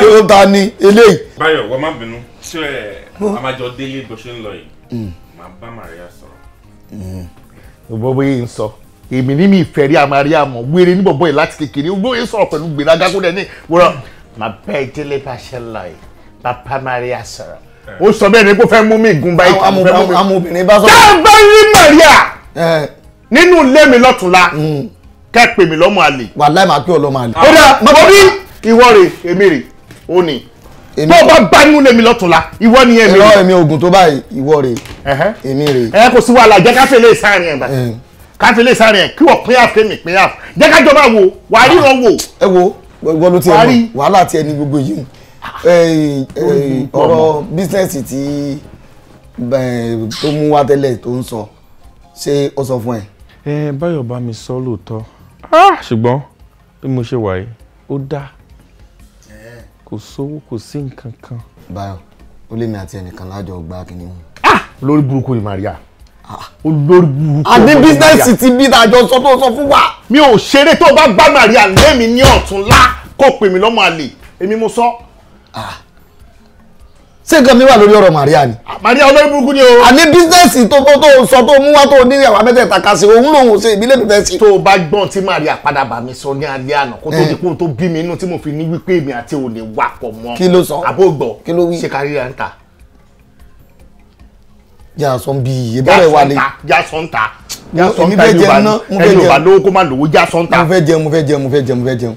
kí ló ta ni eléyìí. Báyọ̀ wọ́n má bínú ṣé ẹ amájọ délé bó ṣe ń lọ yìí máa mm. bá Maria sọ̀rọ̀. ìbọn mm. bóyá ń sọ èmi ní mi ìfẹ́ rí àmà rí àmọ̀ wéré ní bọ̀bọ̀ yìí láti kékeré ó gbóyè sọ̀rọ̀ pẹ̀lú gbèrágá kó dẹ̀ ní wúrọ̀ mà bẹ́ẹ̀ délé bá ṣe lọ yìí bàbá Maria sọ̀rọ̀ eh. ó sọ bẹ́ẹ̀ ni kó fẹ́ mú mi gun báyìí kò fẹ́ mú mi. àwọn bá sọ. tá rí Maria eh. nínú ilé mi lọ́tùnla hmm. kẹ́ ẹ pè mí lọ́mọ àlè. wàláhì máa pé ọlọ́mọ àlè. ó dà mo bí ìwọ rè èmi rè ó ní bọ́ọ̀ bá bá inú lèmi lọ́tùnla ìwọ ni èmi rè. ìrọ̀ èmi oògùn tó báyìí ìwọ rè èmi rè. ẹ kò sí wàhálà jẹ́ káfíńlẹ̀ sáà ni ẹ̀ bá káfílẹ̀ sáré ẹ̀ kí wọ́n pay half kémi pay half jẹ́ ká jọba wo wà á rí wọn wò. ẹ wo wọ́n ló ti ẹ̀ mọ̀ wàhálà ti ẹni gbogbo yìí ọ̀rọ̀ bísínẹ́sì tí tó mú wá tẹ́lẹ̀ tó ń sọ ṣé ó sọ fún ẹ. ẹ báyọ̀ bá mi sọ lóòótọ́ ah! Ah, ṣùgbọ́n bí mo ṣe wà yìí ó dá kò sówó kò sí nǹkan kan. báyọ̀ ó lé mi àti ẹnìkan lájọ gba kìnìún. Ah! lórí burúkú ni Maria olórí burúkú. àní bísínẹ́sì ti bí ìdájọ́ sọ tó sọ fún wa. mi ò ṣeré tó bá gbá màríà lémi ní ọ̀túnla kó pè mí lọ́mọ àlè èmi mo sọ. ṣé nǹkan mi wà lórí ọ̀rọ̀ màríà ni. màríà olórí burúkú ni o. àní bísínẹ́sì tó tó tó sọ tó mú wá tó ní ìyàwó abẹ́tẹ̀ẹ̀ta ká sí òun lòun ṣe ìbílẹ̀ mi fẹ́ sí. tó o bá gbọ́n tí màríà padà bá mi sọ ní alẹ́ àná kó tó eh. di kó tó bí mi inú tí mo fi ní wípé èmi àti òun lè wà pọ̀ mọ́. kí ló sọ jason bi ìbẹ̀rẹ̀ wà lè. jason ta jason ta ẹni ò bá lówó kó má lówó jason ta. mo fẹ́ jẹun mo fẹ́ jẹun mo fẹ́ jẹun mo fẹ́ jẹun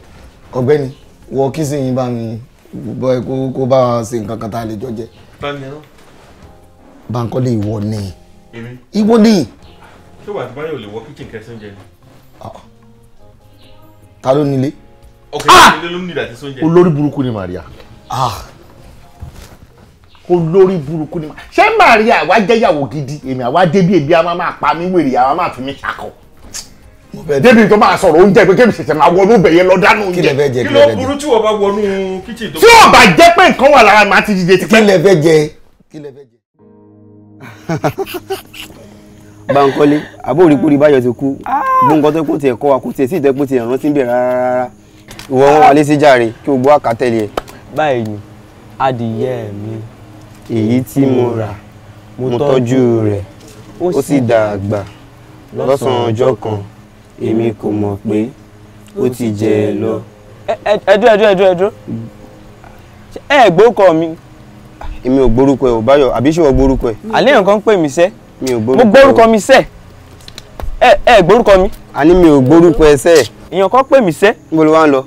ọ̀gbẹ́ni wọ kí sì yín bá mi bọ́ kó bá wa ṣe nǹkan kan tá a lè jọ jẹ. Bankole ìwọ ni ìwọ ni. ṣé wàá báyọ̀ lè wọ kíchìn kẹsàn-án jẹ ni. Ah, ah. ta ló nílé. ọkẹ́ ìdílé ah! ló ń nílò àti sóúnjẹ. olórí burúkú ni Maria. ah olórí burúkú ni ma ṣé Màríà àwa jẹ́yàwó gidi èmi àwa débi èbi àwa máa pa mí wèrè àwa máa fi mí ṣakọ. débi tó máa sọ̀rọ̀ oúnjẹ pé kébì ṣẹ̀ṣẹ̀ máa wọnú bẹ̀yẹ lọ dáná oúnjẹ. kí ló burú tí wọ́n bá wọnú kíchìn tó. tí ò bá jẹ́ pé nǹkan wà lára màá ti dìde ti pẹ́. kí lẹ fẹ́ jẹ kí lẹ fẹ́ jẹ. Bánkọ́lé àbórí kúri ti kú ah! gbóǹkan báyìí ni adìyẹ mi èyí tí mo mm. rà mo tọ́jú rẹ̀ ó sì dàgbà lọ́sàn-án ọjọ́ kan èmi kò mọ̀ pé ó ti jẹ ẹ lọ. ẹdú ẹdú ẹdú ẹdú ẹ gbókọ mi. èmi ò gbórúkọ ẹ ò báyọ̀ àbí ṣé wọ́n gbórúkọ ẹ. àlẹ́ nǹkan ń pè mí sẹ́ mi ò gbórúkọ o mo gbórúkọ mi sẹ́ ẹ ẹ gbórúkọ mi. àní mi ò gbórúkọ ẹ sẹ́. èèyàn kan pè mí sẹ́. níbo ló wá ń lọ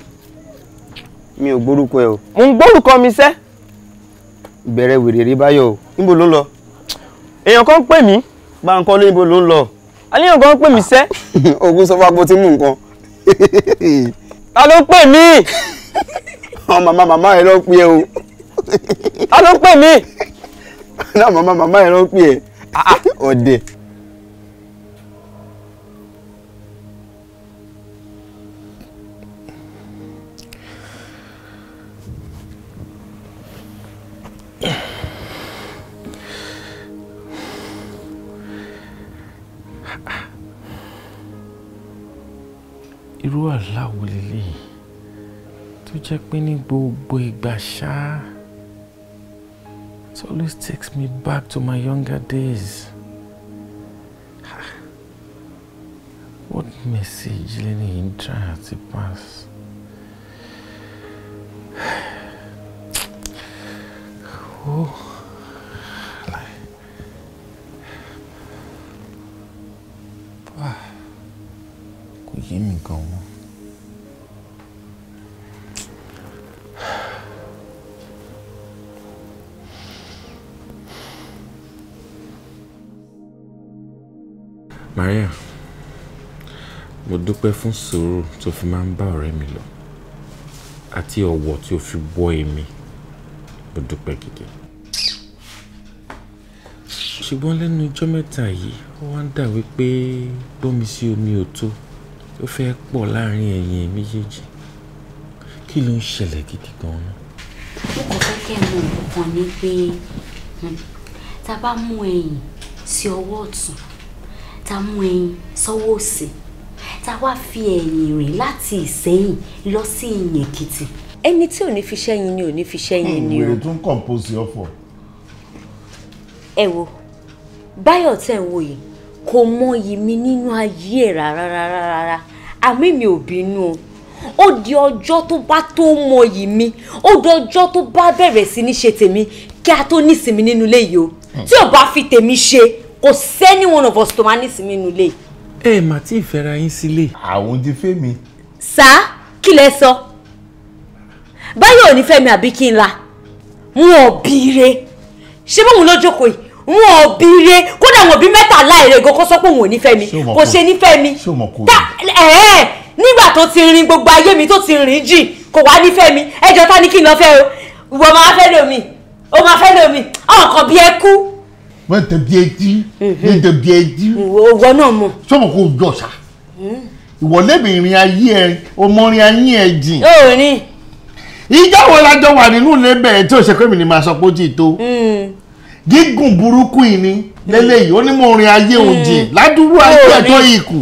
mi ò gbórúkọ ẹ o. mo ń gbórúkọ mi sẹ́. bẹ̀rẹ̀ wèrè rí Bayo o níbo lo lọ. èèyàn kan pè mí Bánkọ́lé níbo ló lo lọ àníyàn kan pè mí sẹ́. ogun sọ fún ti mú nǹkan. ta ló pè mí. àwọn màmá mama ẹ ló pè o. ta pe pè mí. àwọn màmá màmá ẹ ló irú aláwo lélẹ́yìí tó jẹ́ pé ní gbogbo ìgbà ṣáá it always takes me back to my younger days. Ah, what message Lenny in try to pass? dúpẹ́ fún sùúrù tó fi máa ń bá ọ̀rẹ́ mi lọ àti ọ̀wọ̀ tí o fi wọ́ èmi mo dúpẹ́ gidi. ṣùgbọ́n lẹ́nu ijọ́ mẹ́ta yìí ó wá ń dà wípé gbọ́mi sí omi ò tó ó fẹ́ pọ̀ láàrin ẹ̀yin méjèèjì kí ló ń ṣẹlẹ̀ gidi gan-an. ó kò fẹ́ mọ nǹkan ni pé hmm, tá a bá mú ẹ̀yìn sí ọwọ́ ọ̀tún tá a mú ẹ̀yìn sọ́wọ́ òsì tá a wá fi ẹ̀yìn rìn láti ìsẹ́yìn lọ sí ìyìn èkìtì. ẹni tí ò ní fi ṣẹ́yìn ni ò ní fi ṣẹ́yìn ni o. ìwé tún kọ̀ǹpọ̀sì ọ̀fọ̀. ẹ wo báyọ̀ tẹ̀ ń wò yìí kò mọyì mi nínú ayé ẹ̀ rárá rárá rárá àmì mi ò bínú o ó di ọjọ́ tó bá tó mọyì mi ó di ọjọ́ tó bá bẹ̀rẹ̀ sí ní ṣe tèmi kí a tó nísinmi nínú ilé yìí o tí ò bá fi tèmi ṣe kò sẹ́ni one of us tó máa nísinmi nínú ilé yìí ẹ mà tí ì fẹ́ra yín sílé. àwọn ti fẹ́ mi. sá kí lẹ sọ báyọ̀ ò ní fẹ́ mi àbí kí n la wọn ò bíire ṣé bóun ló jókòó yìí wọn ò bíire kódà wọn bí mẹ́tàlá èrègò kó sọ pé òun ò ní fẹ́ mi kò ṣe ní fẹ́ mi nígbà tó ti rin gbogbo ayé mi tó ti rìn jì kò wá ní fẹ́ mi ẹjọ́ ta ni kí n lọ fẹ́ o ìwọ máa fẹ́ lómi o máa fẹ́ lómi ọ̀kan bí ẹ kú mọ tẹbi ẹdí ní tẹbi ẹdí. ìwọ náà mọ. sọmọ kò jọ sa hmm. ìwọlé mi ìrìn ayé ẹ ọmọrin ayé ẹ jìn. yóò rìn. ìjà wo la jọ wà nínú lébẹ̀ tí òṣèpẹ́ mi ni màá sọ pé ó ti tó. Hmm. gígùn burúkú yìí ni lélẹ́yìí ó ní mo rin ayé hmm. òun jìn ládùúgbò ayé ẹ̀tọ́ ikù.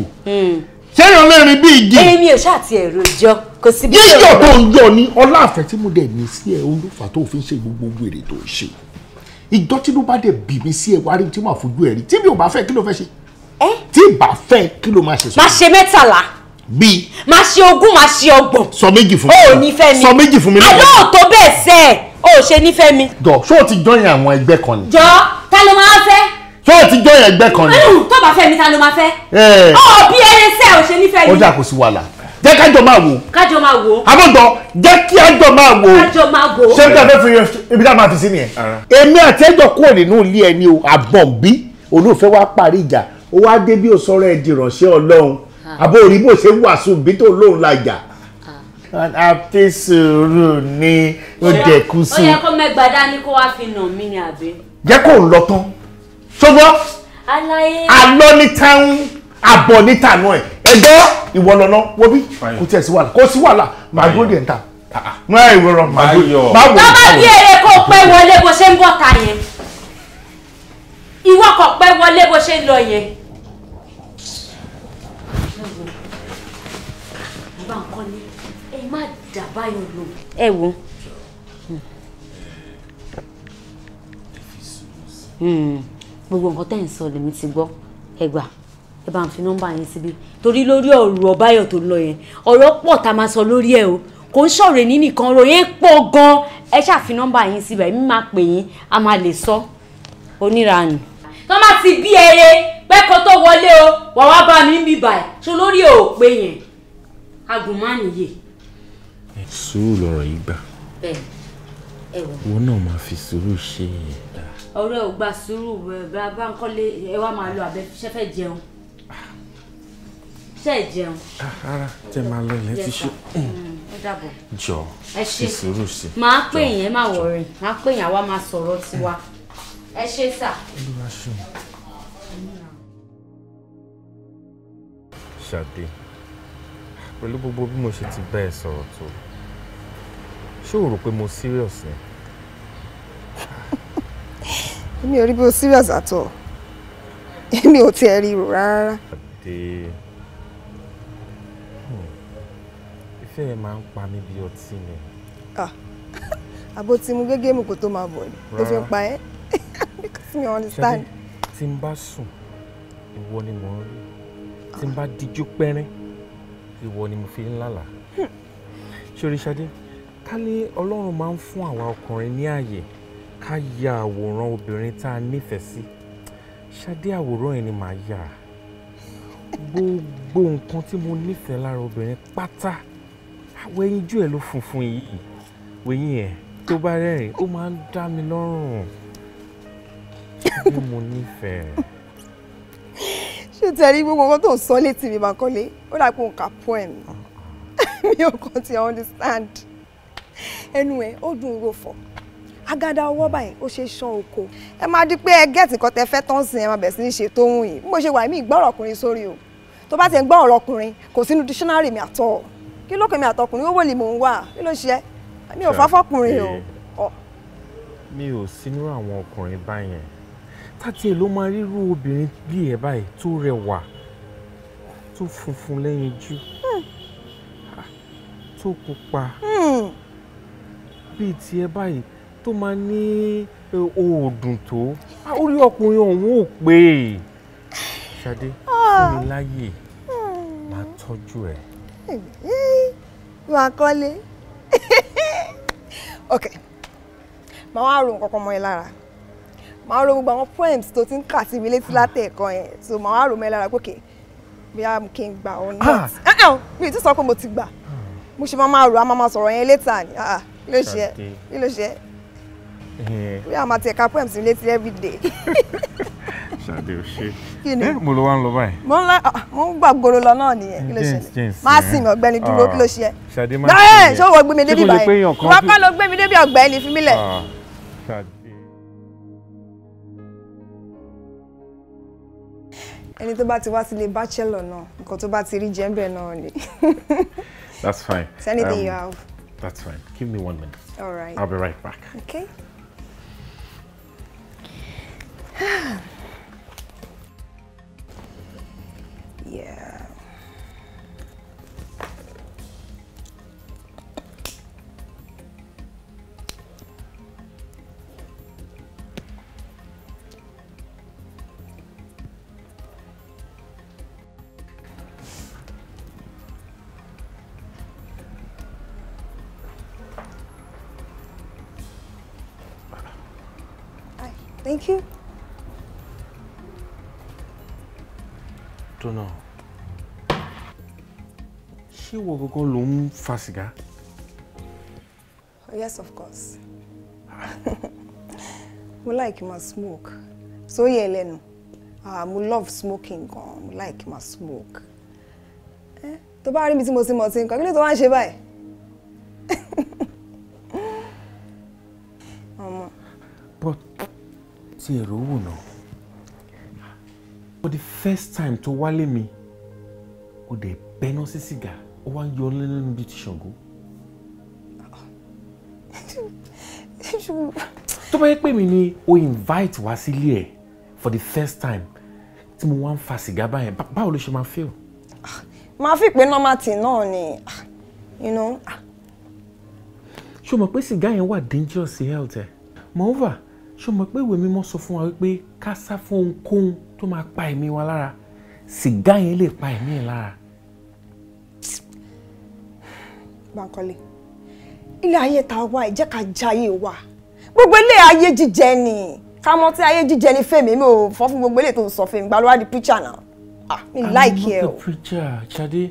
sẹ́yìn ọlẹ́rìn bí ìjì. èmi ò ṣáàtì ẹ̀rọ jọ kò síbi tí ò ń yíyọ tó ń yọ ni ọlá àfẹ́ tí mo dẹ̀ ní sí ẹ olúfà tó fi ń ṣe gbogbo èrè tó ń ṣe ìjọ tínú bá dẹ̀ bì mí sí ẹ wá rí tí màá fojú ẹ rí tí mi ò bá fẹ́ kí ló fẹ́ ṣe. ẹ tí ì bá fẹ́ kí ló máa ṣe sọ. máa ṣe mẹ́tàlá. bíi. máa ṣe ogún máa ṣe ọgbọ̀n. sọ méjì fún mi. o ò ní fẹ́ mi. sọ méjì fún mi lọ́wọ́. àlọ́ tó bẹ́ẹ̀ sẹ́ ẹ̀ o ṣe nífẹ̀ẹ́ mi. jọ ṣó o ti jọyìn àwọn ẹgbẹ́ kan ni. jọ ta ló máa fẹ́. ṣó o ti jọyìn ẹgbẹ́ kan ni. tó bá fẹ́ mi ta ló máa fẹ́. ọ̀ọ́ bí ẹni sẹ́ ò ṣe nífẹ̀ẹ́ mi. ó dà kó sí wàhálà jẹ́ kájọ máa wò. kájọ máa wò. àbọ̀dọ̀ jẹ́ kí ájọ máa wò. kájọ máa wò. ṣé nígbà tó fi ibi tá a máa fi sí nìyẹn. èmi àti ẹjọ kúrò nínú ilé ẹni o àbọ̀nbí olóòfẹ́ wa parí ìjà ó wá dé bí o sọ̀rọ̀ ẹ di ìránṣẹ́ ọlọ́run àbó orí bó ṣe wàásù bí tó lóun la jà. àti sùúrù ni ó dẹ̀kú sí. ó yẹ kó mẹ́gbàá dání kó wá fi nà mí ni àbí. jẹ́ kó lọ tán ṣọgbọ́n. aláyé. ní táwọn àbọ̀ ní tànú ẹ̀ ẹjọ́ ìwọ lọ́nà wọ́bí kò tiẹ̀ sí wàhálà kò sí wàhálà màá dúró díẹ̀ níta máa ìwọ̀rọ̀ màá dúró máa wò. bàbá bí èrè kò pẹ́ wọlé bó ṣe ń bọ̀ ta yẹn ìwọ kò pẹ́ wọlé bó ṣe ń lọ yẹn. bàbá nǹkan ni ẹ má dàbá yọ lò. ẹ wo. Hmm. Hmm. gbogbo nǹkan tẹ́ ń sọ lèmi ti gbọ́ ẹ gbà ẹ bá ń fi nọ́mbà yẹn síbi torí lórí ọ̀rọ̀ ọ̀báyọ̀ tó lọ yẹn ọ̀rọ̀ pọ̀ tá a máa sọ lórí ẹ̀ o kò ń sọ̀rọ̀ ní nìkan ọ̀rọ̀ yẹn pọ̀ gan ẹ ṣàfi nọ́mbà yẹn síbẹ̀ èmi máa pè yín a máa lè sọ oníranù. tó má ti bí ere pẹ́kọ̀ tó wọlé o wà wá bá mi ń bí bàì tó lórí ẹ̀ ò pé yẹn agùnmánìyè. sùúrù lọ̀rọ̀ yìí gbà wọn náà máa fi sùúrù ṣe é. ọ̀rẹ́ ò gba sùúrù bá Bánkọ́lé ẹ wá máa lọ àbẹ́fẹ́fẹ́ jẹun ṣe é jẹun. Ah, rárá tẹ máa lọ ilẹ̀ ti ṣe. Mm, ó dàbọ̀. jọ ṣe sùúrù sí. máa pè yẹn máa wọrin máa pè yẹn àwa máa sọ̀rọ̀ tiwa ẹ ṣe sà. olúwa ṣeun. ṣàdé pẹ̀lú gbogbo bí mo ṣe ti bá ẹ sọ̀rọ̀ tó ṣé o rò pé mo serious ni. èmi ò rí bí o serious at èmi ò tiẹ̀ rí rò rárá. ìfẹ́ ẹ̀ máa ń pa mí bí ọtí ni. Ah, àbò tí mo gégé mu kò tó máa bọ̀ ló fi ń pa ẹ́ because mi understand. tí n bá sùn ìwọ ni mò ń rí tí n bá dijú pẹ́rín ìwọ ni mo fi ń lálàá. ṣorí ṣadé ká lé ọlọ́run máa ń fún àwa ọkùnrin ní àyè ká ya àwòrán obìnrin tá a nífẹ̀ẹ́ sí ṣadé àwòrán yẹn ni màá yà gbogbo nǹkan tí mo nífẹ̀ẹ́ lára obìnrin pátá àwọn eyín ojú ẹ̀ ló funfun yìí wẹ̀yìn ẹ̀ tó bá rẹ́rìn ó máa ń dá mi lọ́rùn bí mo nífẹ̀ẹ́. ṣé o ti rí gbogbo nǹkan tó ń sọ létí mi máa kọ́lé ó dà pé òǹkà poem mi ò kàn ti understand ẹnu ẹ ó dùn ro fọ agada ọwọ́ báyìí ó ṣe ṣan oko ẹ máa di pé ẹ gẹ́ẹ̀tì kan tẹ fẹ́ tán sìn ẹ máa bẹ̀ sí ní ṣe tó ń yìí bí ṣe wà mí ìgbọ́rọ̀ ọkùnrin sórí o tó bá ti ń gbọ́ ọ̀rọ̀ ọkùnrin kò sínú dictionary mi àtọ́ kí ló kẹ́mi àtọkùnrin owó ni mò ń wà kí ló ṣe mi ò fáfọkùnrin o. mi ò sínú àwọn ọkùnrin báyẹn tàtí ẹ ló máa ríru obìnrin bí ẹ báyìí tó rẹwà tó funfun lẹ́yìn jú hmm. tó pupa hmm. bíi tiẹ̀ báyìí tó máa ní oòdùn tó orí ọkùnrin ọ̀hún ò pé ṣadé ah. fún láyè máa hmm. tọ́jú ẹ̀ máa kọ́lé ok máa wá ro nǹkan kan mọ́ ẹ lára máa ro gbogbo àwọn poems tó ti ń kà sí mi létí látẹ̀ẹ̀kan yẹn so ma wa ro mọ́ ẹ lára pòkè bí a kì í gbà or not ah. eh, eh, mi ì tún sọ pé mo ti gbà hmm. mo ṣe máa máa ro a máa máa sọ̀rọ̀ yẹn later ni ah, ah, kí ló ṣe kí ló ṣe eh. bí a máa tẹ̀ka poems mi létí everyday. ṣàdé o ṣe ẹ mo lọ wá ń lọ báyìí. mo ń lọ ah, mo ń gbàgbóró lọ náà nìyẹn kí ló ṣẹlẹ̀ máa sìn ọ̀gbẹ́ni ah, dúró kí ló ṣe ẹ. ṣàdé máa sìn ẹ ṣé o gbé mi débi báyìí wọn kọ́ ló gbé mi débi ọ̀gbẹ́ni fi mí lẹ̀. Ah, ẹni tó bá ti wá sílé bachelor náà nǹkan tó bá ti rí jẹ́ńbẹ̀ náà ni. that's fine. it's anything um, you have. that's fine give me one minute. all right i'll be right back. okay. Yeah. Thank you. dọ́nà ṣé ìwọ gangan ló ń oh, yes of course We like ma smoke so yeah, lẹ́nu ah mo love smoking gan We like ma smoke eh To bá rí mi tí mo ti mọ̀ sí nǹkan kí ló tó but tí èrò for the first time to wálé mi ó dẹ̀ bẹ́ná sí sìgá ó wá ń yọ lẹ́nu bíi ti ṣàngó. tó bá yẹ pé mi ni o invite wá sílé ẹ for the first time tí mo wá ń fa sìgá báyẹn báwo ló ṣe máa feel. máa fi pé normal thing náà ni you know. ṣé o mọ̀ pé sìgá yẹn wà dangerous sí health ẹ̀ moreover ṣùgbọ́n pé ìwé mímọ́ sọ fún wa wípé ká sá fún ohunkóhun tó máa pa ẹ̀mí wa lára sìgá yẹn lè pa ẹ̀mí ẹ̀ lára. Bankole ilé ayé ta wá ìjẹ́ ká jayé wa gbogbo ilé ayé jíjẹ ni ká mọ̀ tí ayé jíjẹ ni fèmí mi ò fọ́ fún gbogbo ilé tó sọ fèmí gbalúwa di preacher na. ah mi like ẹ I'm not a preacher Ṣadé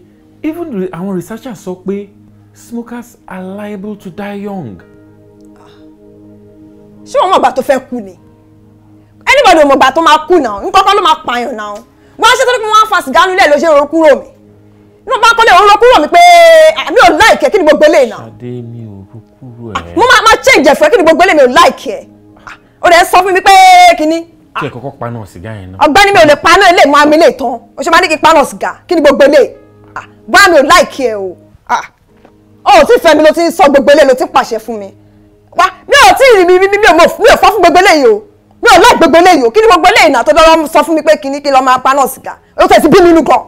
even our researchers sọ pé smokers are liable to die young ṣé wọn mọ̀gbà tó fẹ́ kú ni anybody mọ̀gbà tó máa kú náà nǹkan kan ló máa pààyàn náà wọ́n á ṣe tó ní pé wọ́n á fa sìgá nílẹ̀ ló ṣe rọ kúrò mi inú bá kọ́lé òun rọ kúrò mi pé ah, mi ò láìkẹ́ kí ni gbogbo eléyìí náà ah, mo máa change ẹ̀fọ́ kí ni gbogbo eléyìí mi ò láìkẹ́ ah, ó rẹ̀ sọ fún mi pé kíní. kí ẹ kọ́kọ́ paná sìgá yẹn náà. ọ̀gbẹ́ni mi ò lè paná ilé mu amílẹ̀ tán o ṣe máa ní kí paná sìgá kí ni gbogbo eléyìí bá mi ò láìkẹ́ o ò tí fẹ́ mi ló ti sọ gbogbo eléyìí ló ti pàṣẹ fún mi wá mi ò tí ì mi mi mi ò mi ò fọ́ fún gbogbo eléyìí o mi ò láì gbogbo eléyìí o kí ni gbogbo eléyìí náà tó dọ́rọ́ sọ fún mi pé kíní kí lọ́ọ́ máa paná sìgá o tẹ̀ sí bí mi inú gan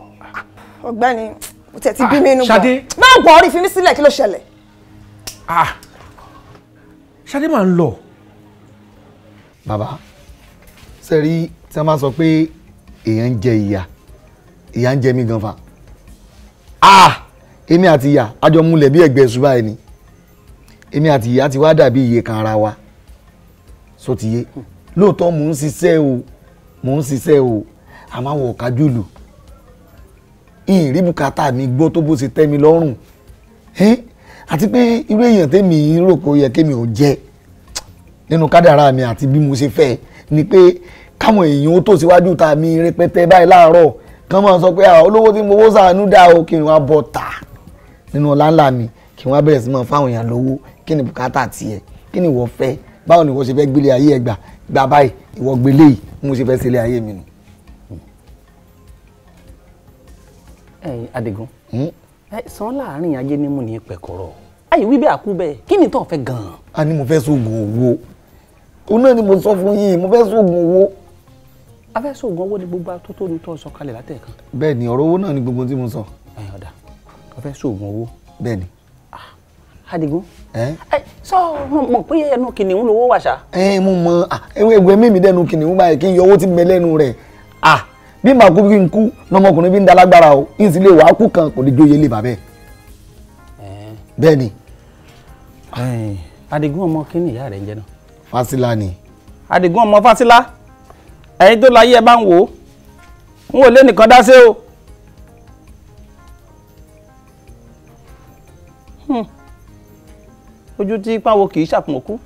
ọ̀gbẹ́ni o tẹ̀ sí bí mi inú gan máa gbọ́ orí fi mí sílẹ̀ kí ló ṣẹlẹ̀. Ah. Ṣadé máa ń lọ. bàbá sẹ́rí tí wọ́n máa sọ pé èèyàn ń jẹ ìyà ìyà ń jẹ mí gan fa ah! èmi àti ìyà àjọ múlẹ̀ bí ẹgbẹ́ ṣùgbọ́n ẹni èmi àti ìyá ti wá dàbí iye kan ara wa so ti yé lóòótọ́ mò ń ṣiṣẹ́ o mò ń ṣiṣẹ́ o àmọ́ àwọn ọ̀ka jùlù ìrí bùkátà mi gbọ́ tó bó ṣe tẹ́ mi lọ́rùn àti pé irú èèyàn tẹ́mi rò pé ó yẹ kémi ò jẹ́ nínú kádàrá mi àti bí mo ṣe fẹ́ ni pé káwọn èèyàn ó tò síwájú ta mi rẹpẹtẹ báyìí láàárọ̀ kán máa sọ pé olówó tí mo wó sàánú dá o kí n wá bọ̀ tà nínú ọláńlá mi kí n wá bẹ̀rẹ̀ sí máa fáwọn èèyàn lówó kí ni bùkátà tiẹ̀ kí ni ìwọ fẹ́ báwo ni ìwọ ṣe fẹ́ gbélé ayé ẹ gbà gbà báyìí ìwọ gbélé yìí mo ṣe fẹ́ ṣe ilé ayé mi nù. ẹyin adigun hmm? san láàrin ajé ni mo ní pẹkọrọ ayé wí bẹ́ẹ̀ àkú bẹ́ẹ̀ kí ni tó fẹ́ gan a ní mo fẹ́ sóògùn owó òun náà ni mo sọ fún yín mo fẹ́ sóògùn owó. a fẹ́ sóògùn owó ni gbogbo atótónu tó sọ kalẹ̀ látẹ̀kan. bẹ́ẹ̀ ni ọ̀rọ̀ owó náà ni gbogbo tí mo sọ. ẹ ọ̀dà a fẹ́ sóògùn owó. bẹ́ẹ̀ ni. Ah, adigun sọ mọ̀ pé ẹnu kìnìún lówó wà ṣá. ẹ mo mọ ẹwọn ẹgbẹ mímí dẹnu kìnìún báyìí kí n yọ owó tí mẹ lẹ́nu rẹ̀ ah bí màá kú kí n kú lọmọkùnrin bí ń dalágbára o n sì lè wàá kú kan kò lè jóye lè bàbẹ. bẹ́ẹ̀ ni. adigun ọmọ kí ni ìyá rẹ̀ ń jẹ náà. fásilà ni. adigun ọmọ fásilà ẹ̀yin tó láyé ẹ bá ń wò ó n ò lé nìkan dá sí o. Hmm ojú tí páwo kì í ṣàpọ̀nkú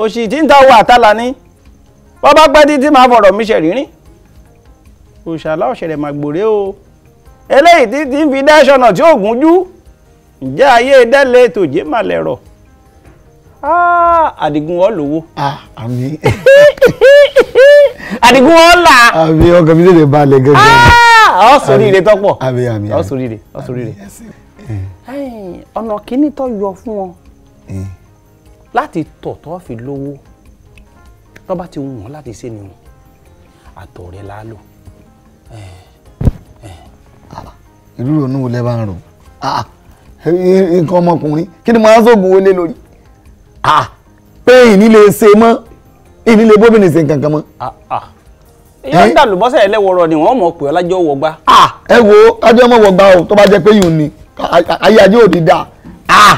òṣì tí ń ta owó àtàlà ni wọ́n bá pẹ́ títí máa fọ̀rọ̀ mi ṣẹ̀rínrín òṣàlá ọ̀ṣẹ̀rẹ̀ màgbòrè o eléyìí tí ti ń fi dẹ́ṣọ̀nà tí ò gúnjú ǹjẹ́ ayé dẹ́lẹ̀ tòjé màlẹ̀ rọ̀ àdìgún ọ̀ lówó. àmín àdìgún ọ̀ là. àmín ọkàn mi lè balẹ̀ gẹ́gẹ́. ọ̀sùn rire tọ́pọ̀ ọ̀sùn rire ọ̀sùn rire. Eh. ọ̀nà kìíní tó yọ fún wọn eh. láti tọ̀ tó fi lówó tó bá ti wù wọ́n láti ṣe nìyẹn àtọ̀ rẹ̀ la lò. Eh, ah, irú ronú wo lẹ́ bá ń rò ah, nǹkan ọmọkùnrin kí ni mo máa ń sọ̀gùn wọlé lórí ah, pé ìní lè ṣe mọ́ ìní lè bóbìnrin ṣe nǹkan kan mọ́ ìyá dàlú bọ́sẹ̀ ẹlẹ́wọ̀rọ̀ ni wọ́n mọ̀ pé ọlájọ́ wọgbá. ẹ wo ajọ́ mọ̀ wọgbá o tó bá jẹ́ pé yìí ò ayé ajé òde dáa ah,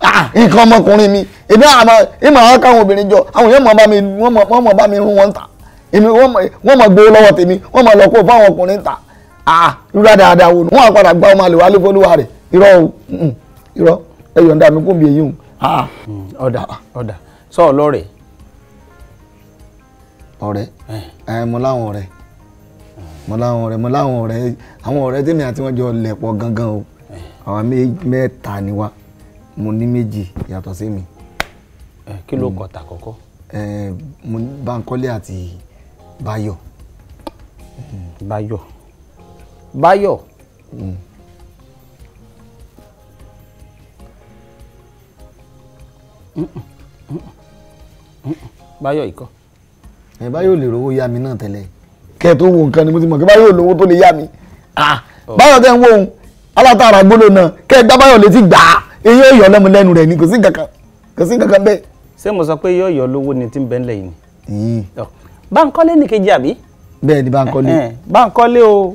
ah, nǹkan ọmọkùnrin mi èmi àmọ́ ìmọ̀ àwọn káwọn obìnrin jọ àwọn èèyàn mọ̀ bá mi wọ́n mọ̀ bá mi rún wọn ta èmi wọ́n mọ̀ gbowó lọ́wọ́ tèmi wọ́n mọ̀ lọ́kọ́ fáwọn ọkùnrin ta ah, rúra dáadáa wò wọ́n àpàdà gba ọmọ àlè wà lẹ́fọ́lúwà rẹ̀ irọ́ irọ́ ẹ yọ̀ǹda mi kún bí èyí mm, ọ̀dà ọ̀dà sọ ọlọ́rẹ̀ ọ̀rẹ́ ẹ mo láwọn ọ̀rẹ́ mo láwọn ọ̀rẹ́ mo láwọn ọ̀rẹ́ àwọn ọ̀rẹ́ tèmi àti wọn jọ lẹ̀pọ̀ gangan o àwọn mẹ́ta ni wá mo ní méjì yàtọ̀ sí mi. kí ló kọ̀ tàkọ́kọ́. mo ní Bankole àti Báyọ̀. Báyọ̀ Báyọ̀. Hmm. Báyọ̀ ikọ́. ẹ Báyọ̀ lè rówó yá mi náà tẹ́lẹ̀ kẹ́ ẹ̀ tó wo nǹkan ni mo ti mọ̀ kí Báyọ̀ lówó tó lè yá mi. Ah, Báyọ̀ tẹ́ ń wó òun alátara gbóló náà kẹ́ ẹ dábàyọ̀ létí gbà á eyín ọ̀yọ́ lẹ́mu lẹ́nu rẹ̀ ni kò sí kankan kò sí kankan bẹ́ẹ̀. ṣé mo sọ pé yóò yọ lówó ni tí ń bẹ ńlẹ̀ yìí ni. Bánkọ́lé ní kejì àbí. bẹ́ẹ̀ ni Bánkọ́lé. bankole o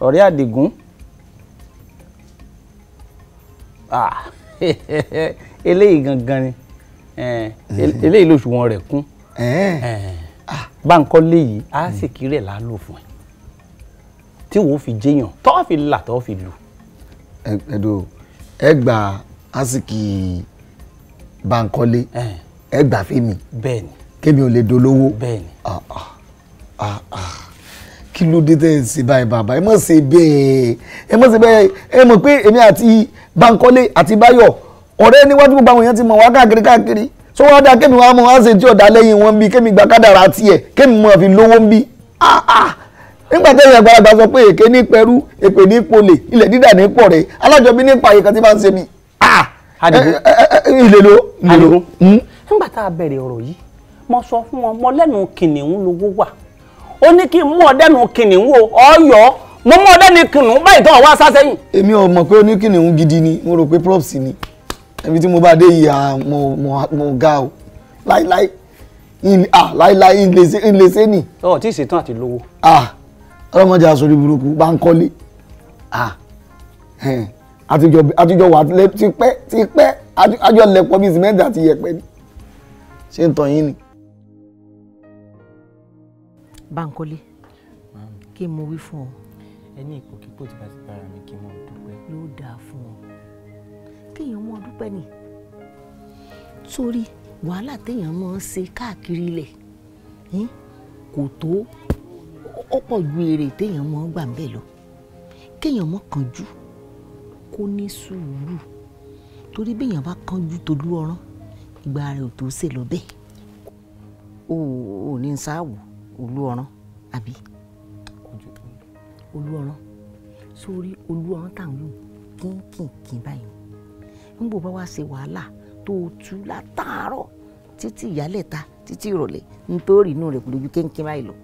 ọ̀rẹ́ Àdìgún eléyìí gangan ni eléyìí lóṣùwọ̀n rẹ̀ kún ah. Bánkọ́lé yìí á sì kiri ẹ̀ lálò fún ẹ tí wọ́n fi jẹyàn tọ́ fi là tọ́ fi lù. ẹ̀dùn ẹ gba àsìkì Bankole ẹ gbà fèmí bẹ́ẹ̀ni kémi ò lè dolówó bẹ́ẹ̀ni ah, ah, ah, kí ló dé tẹ́ ẹ ṣe báyìí bàbá ẹ mọ̀ ṣe bẹ́ẹ̀ ẹ mọ̀ ṣe bẹ́ẹ̀ ẹ mọ̀ pé èmi àti Bankole àti bayo. ọ̀rẹ́ níwájú gbogbo àwọn èèyàn ti mọ̀ wá káàkiri káàkiri tó wá dáa kémi wàá mọ̀ wá ṣe tí ọ̀dà lẹ́yìn wọn bí kémi gbà kádàrà tiẹ̀ kémi mọ̀ fi lówó ń bí nígbà tẹ́yìn àgbàlagbà sọ pé èké ní pẹ̀rú èpè ní polè ilẹ̀ dídà ní pọ̀ rẹ̀ alájọbí ní pààyè kan tí bá ń ṣe mi. ìlèlò ìlèlò. nígbà tá a bẹ̀rẹ̀ ọ̀rọ̀ yìí mo sọ fún wọn mo lẹ́nu kìnìún lowó wà ó ní kí n mú ọ dẹ́nu kìnìún o ọ̀yọ́ mo mú ọ dẹ́nu kìnìún báyìí tó wá sásẹ́yìn. èmi ò mọ̀ pé ó ní kìnìún gidi ni mo rò pé props ni ẹbí tí mo bá dé yìí ah, mo ga o láíláí ah, láíláí ìlèsé ni ọ̀ tí ì àti lówó. ah ọlọ́mọdé aṣojú burúkú bá ń kọ́lé àtijọ́ wà tipẹ́ tipẹ́ àjọ lẹ̀pọ̀ bíi sìmẹ́ntì àti yẹ̀pẹ̀ ni ṣé ń tàn yín ni. Bánkọ́lé kí mo wí fún ọ. ẹni ìpòkípò tí bá ti bára mi kí mo dúpẹ́. yóò dáa fún ọ kéèyàn mọ dúpẹ́ ni torí wàhálà téèyàn mọ ń ṣe káàkiri ilẹ̀ hm, kò tó ó pọ̀ ju èrè téèyàn mọ́ gbà ń bẹ̀ lọ kéèyàn mọ́ kánjú kó ní sùúrù torí béèyàn bá kánjú tolú ọrán ìgbà rẹ̀ ò tó ṣe lọ bẹ́ẹ̀ o ò ní sáàwò olú ọrán àbí olú ọrán sórí olú ọrán tá ń lò kínkìnkín báyìí ń bò bá wá ṣe wàhálà tó o tú títí ìyálẹ̀ta títí ìrọ̀lẹ́ nítorí inú rẹ̀ kò lójú kínkín báyìí lọ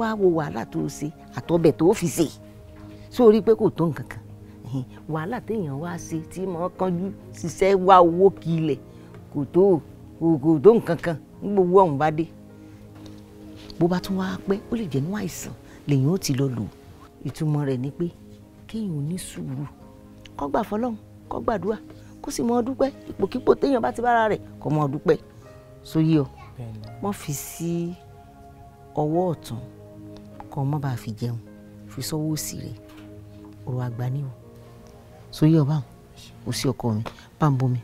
wá wo wàhálà tó ṣe àtọbẹ̀ tó fi ṣe sórí pé kò tó nǹkan kan wàhálà téèyàn wá ṣe tí mo kánjú ṣiṣẹ́ wá owó kilẹ̀ kò tó kò tó nǹkan kan gbogbo ọ̀hún bá dé bó bá tún wá pẹ́ ó lè jẹ́ nú àìsàn lèyìn ó ti lọ lò ìtumọ̀ rẹ̀ ni pé kéèyàn ò ní sùúrù kó gbà fọlọ́run kó gbàdúrà kó sì mọ ọdúpẹ́ ipòkípò téèyàn bá ti bára rẹ̀ kó mọ ọdúpẹ́ sóyè ọ wọ́n fi sí ọwọ́ ọ̀tún kọ́ ọmọ bá fi jẹun fi sọ́wọ́ òsì rẹ̀ ọ̀rọ̀ àgbà ni o sóyè ọba ò sí ọkọ mi bá ń bomi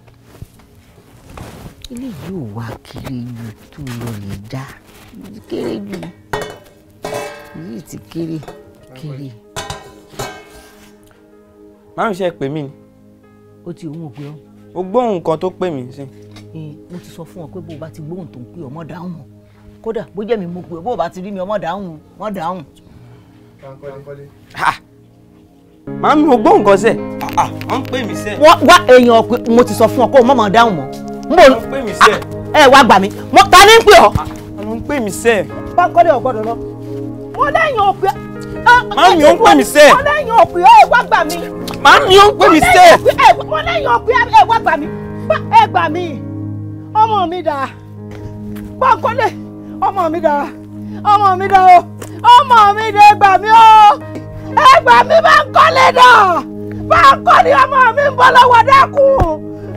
ilé yìí ò wá kéré ju tó lọ lè dá kéré ju yìí ti kéré kéré. márùn ṣe pè mí ni. ó ti òun ò pé ọ. ó gbóhùn kan tó pè mí sí. mo ti sọ fún ọ pé bó o bá ti gbóhùn tó ń pè ọmọ dáhùn mọ́ kódà bó jẹ́ mi mo pè bó o bá ti rí mi ọmọ dáhùn mọ́ dáhùn. màá mi ò gbọ́ nǹkan sẹ̀ ah, ah, wọ́n ń pè mí sẹ́. wọ́n wá èèyàn ọ̀pẹ mo ti sọ fún ọ kó o mọ̀ mọ̀ dáhùn mọ́. wọ́n ń pè mí sẹ́. Ah, ẹ wá gbà mí ta ni ń pè ọ́. wọ́n ń pè mí sẹ́. Bánkọ́lé ò gbọ́dọ̀ lọ. wọ́n lẹ́yìn ọ̀pẹ. màá mi ò ń pè mí sẹ́. wọ́n lẹ́yìn ọ̀pẹ ẹ wá gbà mí. màá mi ò ń pè mí sẹ́. wọ́n lẹ́yìn ọ̀pẹ ẹ wá gbà mí. ẹ gbà mí ọmọ mi dà Bánkọ́lé ọmọ mi dà ọmọ mi dà o ọmọ mi dà ẹ mi mí o ẹ gbà mí bá ń kọ́lé dà bá ń kọ́lé ọmọ mi ń bọ́ lọ́wọ́ dákun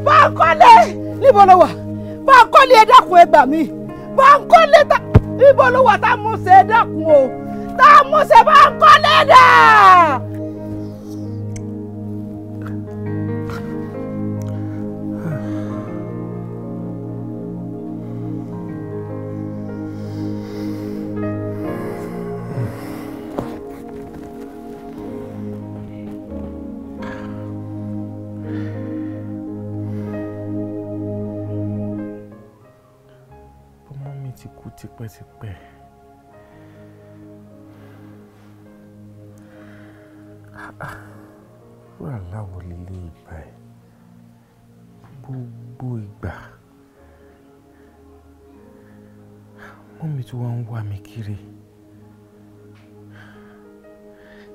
bá ń kọ́lé níbo ló wà bá ń kọ́lé ẹ dákun ẹ gbà mí bá ń kọ́lé ta níbo ló wà tá ṣe ẹ o tá ṣe bá ń kọ́lé dà. aláwo lílé ìgbà ẹ̀ gbogbo ìgbà mọ́mí tí wọ́n ń wá mi kiri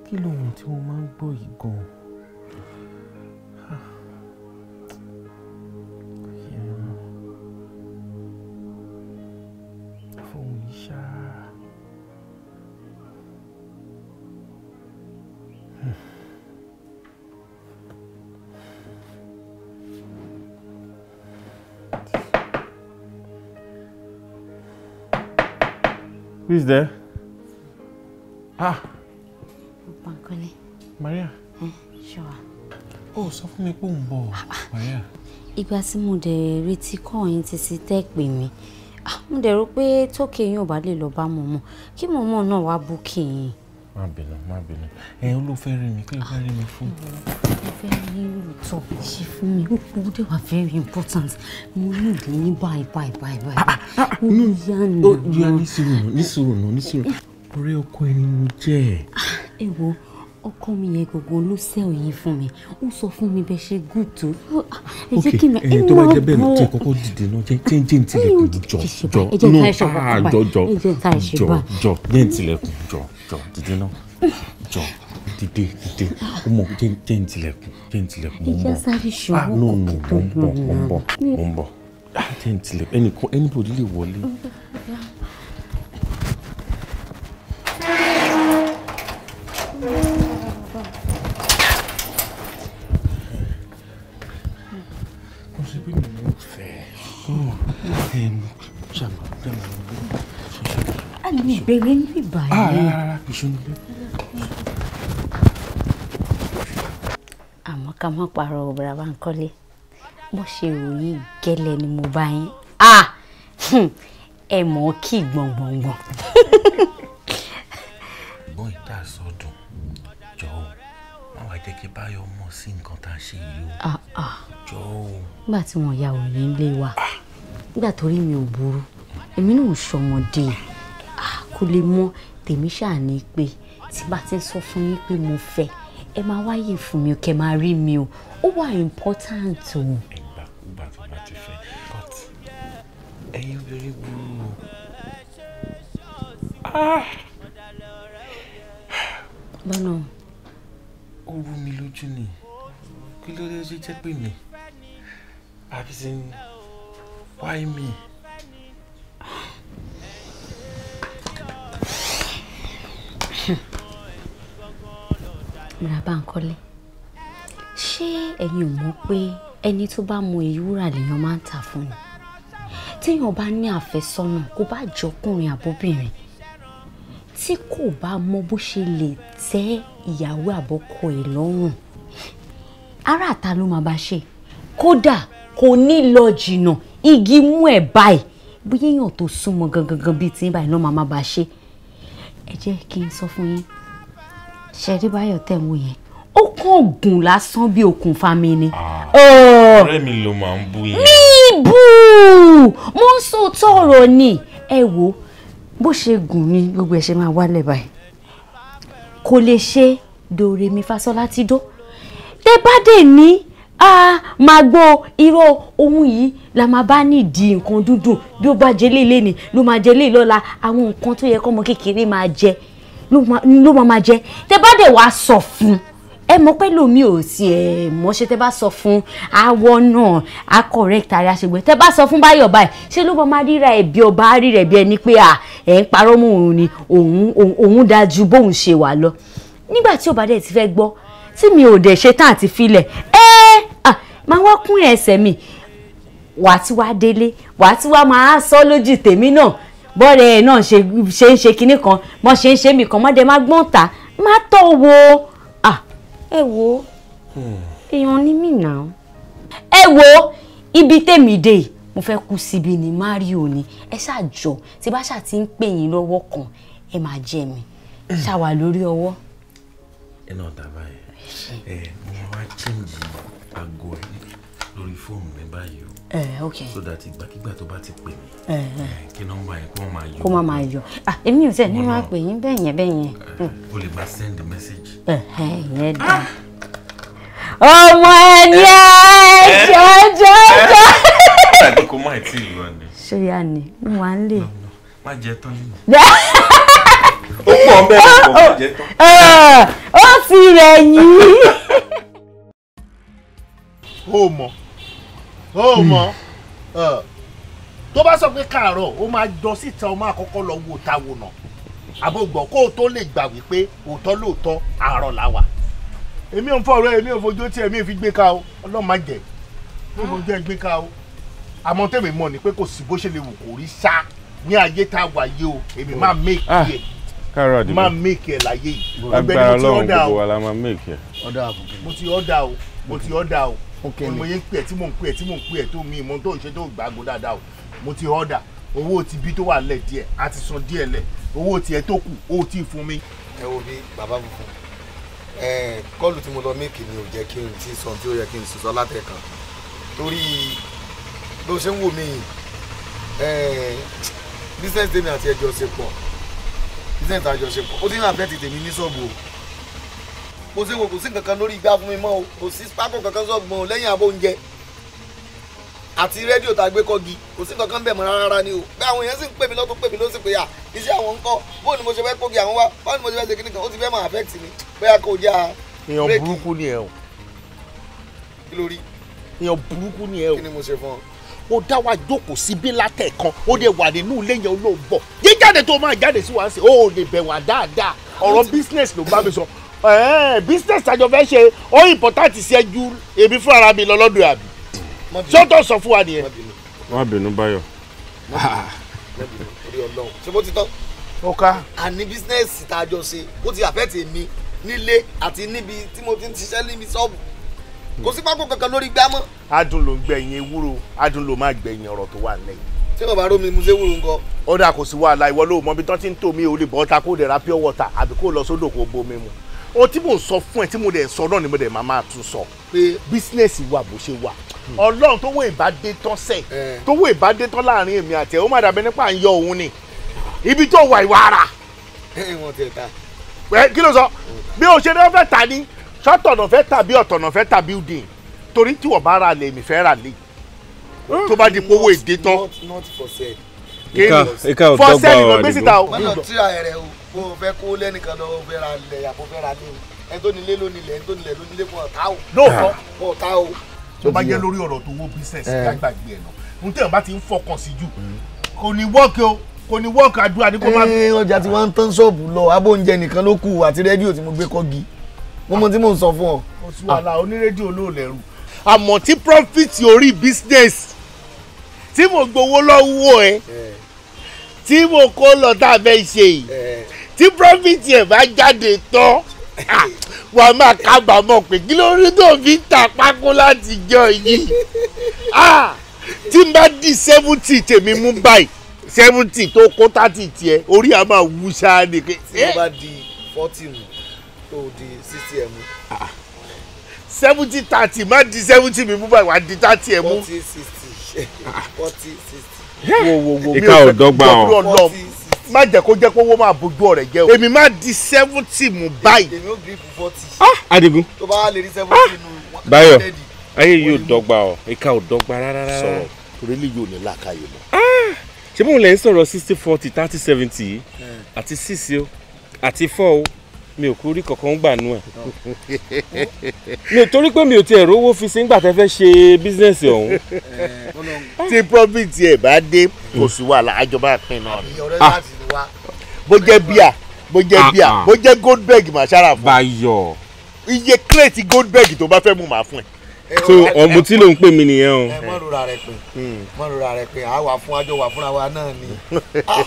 kí lóhun tí wọ́n máa ń gbọ́ yìí gan-an. Who's there? Ah. Bankole. Maria. Eh, sure. Oh, sọ fún mi pé ah, ah. Maria. Ìgbà tí mo dẹ̀ retí kọ́ yín ti sí tẹ́ pè mí. Ah, mo dẹ̀ rò pé tókè yín ò bá lè lọ bá mọ̀mọ́. Kí mọ̀mọ́ náà wá bú kì yín. Má bínú, má bínú. Ẹ olóò fẹ́ rí very lóòótọ́ ṣe fún mi ó kú dé wà very important mo ní ìdí ní báyìí báyìí báyìí báyìí ó yá nà. ó yá nísìrò nà nísìrò nà nísìrò ọ̀rẹ́ ọkọ ẹni mo jẹ́ ẹ̀. Ah, ẹ wo ọkọ mi yẹn gbogbo ló sẹ́ òyìn fún mi ó sọ fún mi bẹ́ẹ̀ ṣe gùn tó oh, ah, ẹ jẹ́ kí mi máa bọ̀. tó bá jẹ́ bẹ́ẹ̀ náà kọ́kọ́ dìde náà jẹ́ jẹ́ jẹ́ ìtìlẹ̀kùn ah, jọ jọ nù jọ jọ jọ jẹ́ ìtìlẹ̀kùn jọ jọ dìde náà mm. jọ dìde dìde ó mọ̀ jẹ́ tilẹ̀kùn jẹ́ tilẹ̀kùn mò ń bọ̀ ah no no mò ń bọ̀ mò ń bọ̀ mò ń bọ̀ ah jẹ́ ń tilẹ̀kùn ẹnìkan anybody lè wọlé. Oh, bẹ̀rẹ̀ ní Ah, yìí. Rárá rárá kìí ṣe ní bẹ́ẹ̀. ká má parọ́ òbúra bá ń kọ́lé bó ṣe ròyìn gẹ́lẹ́ ni mo bá yín ẹ mọ̀ ọ́ kí gbọ̀ngbọ̀ngbọ̀n. bó ìta sọdún jọ̀ọ́ má wàá jẹ́ kí báyọ̀ mọ̀ sí nǹkan tá a ṣe yìí o jọ̀ọ́. nígbà tí wọn ya òní ilé wa nígbà tó rí mi ò burú èmi náà ń ṣọmọdé kó lè mọ tèmi ṣáà ní pé tí bá ti sọ fún yín pé mo fẹ́ ẹ máa wáyè fún mi o kẹ máa rí mi o ó wà important o. ìgbà ìgbà tí wọ́n ti fẹ́ but ẹ̀yin obìnrin burú o. bọ́nà. Ah! ó wú mi lójú ni kí ló dé ṣe jẹ́ pé mi àbí ṣe ń wáyé mi. Hmm mìíràn Báńkọ́lé ṣé ẹ̀yin ò mọ̀ pé ẹni tó bá mọ ìwúrà lèèyàn máa ń tà fún ni téèyàn bá ní àfẹ́sọ́nà kó bá jọkùnrin àbóbìnrin tí kò bá mọ bó ṣe lè tẹ́ ìyàwó àbọ́kọ ẹ̀ lọ́rùn ara àta ló máa bá ṣe kódà kò ní lọ jìnnà igi mú ẹ̀ báyìí bí èèyàn tó súnmọ́ gangan bíi tí báyìí náà máa máa bá ṣe ẹ jẹ́ kí n sọ fún yín ṣẹ̀rí báyọ̀ tẹ̀ ń wò yẹn ó kàn gùn lásán bí okùn fami ni. Ah, oh. ọ̀rẹ́ mi ló máa ń bú yẹn. níbù mo ń sọ tọrọ ni ẹ wo bó ṣe gùn ni gbogbo ẹ ṣe máa wálẹ̀ báyìí kò lè ṣe dòrèmí fásọlá ti dó tẹ bá dé ní a máa gbọ́ irọ́ ohun yìí la máa bá nídìí nǹkan dúndùn bí ó bá jẹ léèlé ni ló máa jẹ léèlọ́la àwọn nǹkan tó yẹ kọ́mọ kékeré máa jẹ ló máa máa jẹ tẹ bá dẹ̀ wá sọ fún ẹ mọ̀ pé lómi ò sí ẹ mọṣẹ tẹ bá sọ fún awọ náà a correct ara ṣègbè tẹ bá sọ fún báyọ̀ báyìí ṣé ló máa ríra ẹ̀bi ọba ríra ẹ̀bi ẹni pé à ẹ̀ ń parọ́ mọ́ òun ni òun òun dáa ju bóun ṣe wà lọ nígbà tí ọba dẹ̀ ti fẹ́ gbọ́ tí mi ò dẹ̀ ṣe tán àti filẹ̀ ẹ́ máa wá kún ẹsẹ̀ mi wàá tí wàá délé wàá tí wàá máa sọ lójú tèmi náà bọ́ọ̀rẹ́ ẹ̀ náà ṣe ń ṣe kinní kan mọ́ ṣe ń ṣe mí kan mọ́dẹ má gbọ́n ta má tọ̀ wo ẹ wo èèyàn ní mí nà ó. ẹ wo ibi tèmi dé mo fẹ́ kú síbi ní mario ni ẹ ṣàjọ tí bá ṣà ti ń pè yín lọ́wọ́ kan ẹ máa jẹ mi ṣàwà lórí ọwọ́. ẹ náà tàbá ẹ ẹ mo wá chíǹjì aago ẹ fóònù mi báyìí o. ẹ ok so that ìgbàkigbà tó bá ti pè mí. kí nọ́mbà yẹn kó máa yọ. kó má máa yọ ah èmi ò tẹ̀ ní máa pè yín bẹ́ẹ̀ yẹn bẹ́ẹ̀ yẹn. o lè máa send message. ìyẹn dá. Ah! ọmọ ẹni eh? ẹ jọjọ eh? eh? jọ. tàbí kó má tí ì lọ ni. ṣé ya ni n wà ń lè. má jẹ tán nínú. ó pọ̀ bẹ́ẹ̀ kò má jẹ tán. ó ti rẹ̀ yìí. ó mọ̀ ó mọ tó bá sọ pé káàárọ̀ ó máa jọ síta ó máa kọ́kọ́ lọ wo ta wò nà àbògbọ̀ kó o tó lè gbà wípé òótọ́ lóòótọ́ àárọ̀ la wà. èmi ò ń fọ̀rọ̀ èmi ò fojú tí èmi fi gbé ka o ọlọ́run má jẹ́ mi ò fojú ẹ gbé ka o àmọ́ tèmi mọ̀ ni pé kò sí bó ṣe lè wù kó rí sá ní ayé tá a wà yìí o èmi máa ah, make yẹ ah. máa make yẹ láyé yìí. agbára ọlọ́run gbogbo wa la máa make yẹ. mo ti ọ̀dà o mo ti ọ̀dà o òkèlè mo yẹ ń pè ẹ tí mò ń pè ẹ tí mò ń pè ẹ tó mi ìmọ̀ tó ń ṣe tó o mo ti ọ̀dà owó ti bí tó wà lẹ̀ díẹ̀ a ti san díẹ̀ lẹ̀ owó tiẹ̀ tó kù ó ti fún mi. ẹ wo bí bàbá funfun ẹ kọ́ọ̀lù tí mo lọ méèkì ni ò jẹ́ kí n ti sọ tí ó yẹ kí n sọ látẹ̀kàn torí bó ṣe ń wò mí business tèmi àti ẹjọ́ ṣe pọ̀ business àjọṣepọ̀ ó ti ń àfẹ́ ti tèmi ní ṣọ́ọ̀bù o bó ṣe wò kò sí nǹkan lórí igbá fún mi mọ́ o kò sí pákó kankan sọ́gbọ̀n o lẹ́yìn abó oúnjẹ àti rédíò tá a gbé kọ́gi kò sí nǹkan bẹ̀ mọ́ rárá ni o bí àwọn èèyàn sì ń pè mí lọ́tún pè mí ló sì pé à iṣẹ́ àwọn ń kọ́ bóun ni mo ṣe fẹ́ kógi àwọn wá báwo ni mo ṣe fẹ́ ṣe kíní kan ó ti fẹ́ máa affect mi bóyá kò já a. èèyàn mo dá wa jókòó síbí látẹ̀ kan ó lè wà nínú ilé yẹn olóòbọ̀ jíjáde tó máa jáde sí wa ń sè ó lè bẹ̀ wá dáadáa ọ̀rọ̀ business ló bá mi sọ Eh, business àjọ fẹ́ ṣe ó important sí ẹjú èmi fún ara mi lọ́lọ́dọ̀ àbí sọ́tọ̀ sọ fún wa nìyẹn. má bínú báyọ̀. ṣé mo ti tán. ó ká. àní business tá a jọ ṣe ó ti affect mi nílé àti níbi tí mo ti ń ṣiṣẹ́ níbi ṣọ́ọ̀bù kò sí pákó kankan lórí gbá mọ́. adùn ló ń gbẹ̀yìn ewúro adùn ló máa gbẹ̀yìn ọ̀rọ̀ tó wà lẹ́yìn. tí bàbá rómi mu ṣé wúro ńkọ́. ó dà kò sí wàhálà ìwọ ló mọ ibi tán ti ń tò mí ò lè bọ́ ta kó dẹ̀ ra pure water àbí kó lọ sódò kó bomi mu o ti mo sọ fún ẹ tí mo dẹ̀ sọ náà ni mo dẹ̀ máa máa tún sọ pé bísínẹ́sì wa bó ṣe wà hmm. ọlọ́run tó wọ ìbádé tán sẹ̀ tó wọ ìbádé tán láàrin èmi àti ẹ̀ ó má dàbẹ́ nípa ń yọ òun ni ibi tó wà ìwà ara. kí ló sọ hmm. bí o ṣe ní wọ́n fẹ́ ta ni ṣọ́tọ̀nà fẹ́ tàbí ọ̀tọ̀nà fẹ́ tàbí building torí tí wọ́n bá ra lè mi fẹ́ rà lè tó bá di powó èdè tán. ìka ìka ò dọ́gba ọ̀rẹ́ o bó o fẹ́ kó lẹ́nìkan lọ fẹ́ ra lẹ̀ yàgò fẹ́ ra lé o ẹni tó nílé ló nílẹ̀ ẹni tó nílẹ̀ ló nílé fún ọ̀tá o. lóòótọ́ fún ọ̀tá o. tó bá jẹ́ lórí ọ̀rọ̀ tó wó business gbàgbé ẹ̀ lọ ohun tí èèyàn bá ti ń fọkàn sí jù kò ní wọ́ọ̀kì o kò ní wọ́ọ̀kì àdúrà ní kò má. ẹ ọjà tí wọ́n ń tán ṣọ́ọ̀bù lọ abóúnjẹ nìkan ló kù àti rédíò tí mo gbé kọ́gi mo mọ tí mò ń sọ fún ọ. o ti wà láà onírédíò olóòlẹ́rù. àmọ́ tí profit orí business tí mo gbowó lọ́wọ́ ẹ tí mo kó lọ tá a fẹ́ ṣe yìí tí prọfìtì ẹ̀ bá jáde tán wàá máa kábàámọ̀ pé kí ló rí tó fi ń ta pákó láti jọ yìí tí n bá di seventy tèmi mú báyìí seventy tó kó thirty tiẹ̀ orí a máa wú ṣáá ni. tí o eh. bá di forty mu tó o di sixty ẹ̀ seventy thirty má di seventy mi mú báyìí wàá di thirty ẹ̀ forty sixty forty sixty. wo wo wo mi ò fẹ́ má jẹ́ kó jẹ́ pé owó máa bójú ọ̀rẹ́ jẹ́ o èmi má di seventy mú báyìí. èmi ò gírí fún forty. Ah! Adigun tó bá lè rí seventy ah! nù. Báyọ̀ ayé yóò dọ́gba ọ ìka ò dọ́gba rárá. sọ̀rọ̀ torí lè yóò ní làákàyè mọ́. Ah! ṣé mò ń ń sọ̀rọ̀ sixty forty thirty seventy yìí eh. àti six o àti four o mi ò kú rí kankan gbà nù ẹ mi ò torí pé mi ò tiẹ̀ rówó fi sí nígbà tẹ́ fẹ́ ṣe bísíǹsì ọ̀hún. Eh, tí profit ẹ̀ bá dé kò sí wàhálà àjọba ìpín náà rẹ̀ bó jẹ́ bíà bó jẹ́ ah, bíà bó ah. jẹ́ goldberg mà ṣára fún. Báyọ̀. iye crate goldberg tó bá fẹ́ mú màá fún ẹ eh, so oh, ọmọ eh, tí ló ń pè mí nìyẹn o. ẹ eh, mọ rora rẹ pé hmm. mọ rora rẹ pé àá wà fún àjọ wà fúnra wa náà ni ah,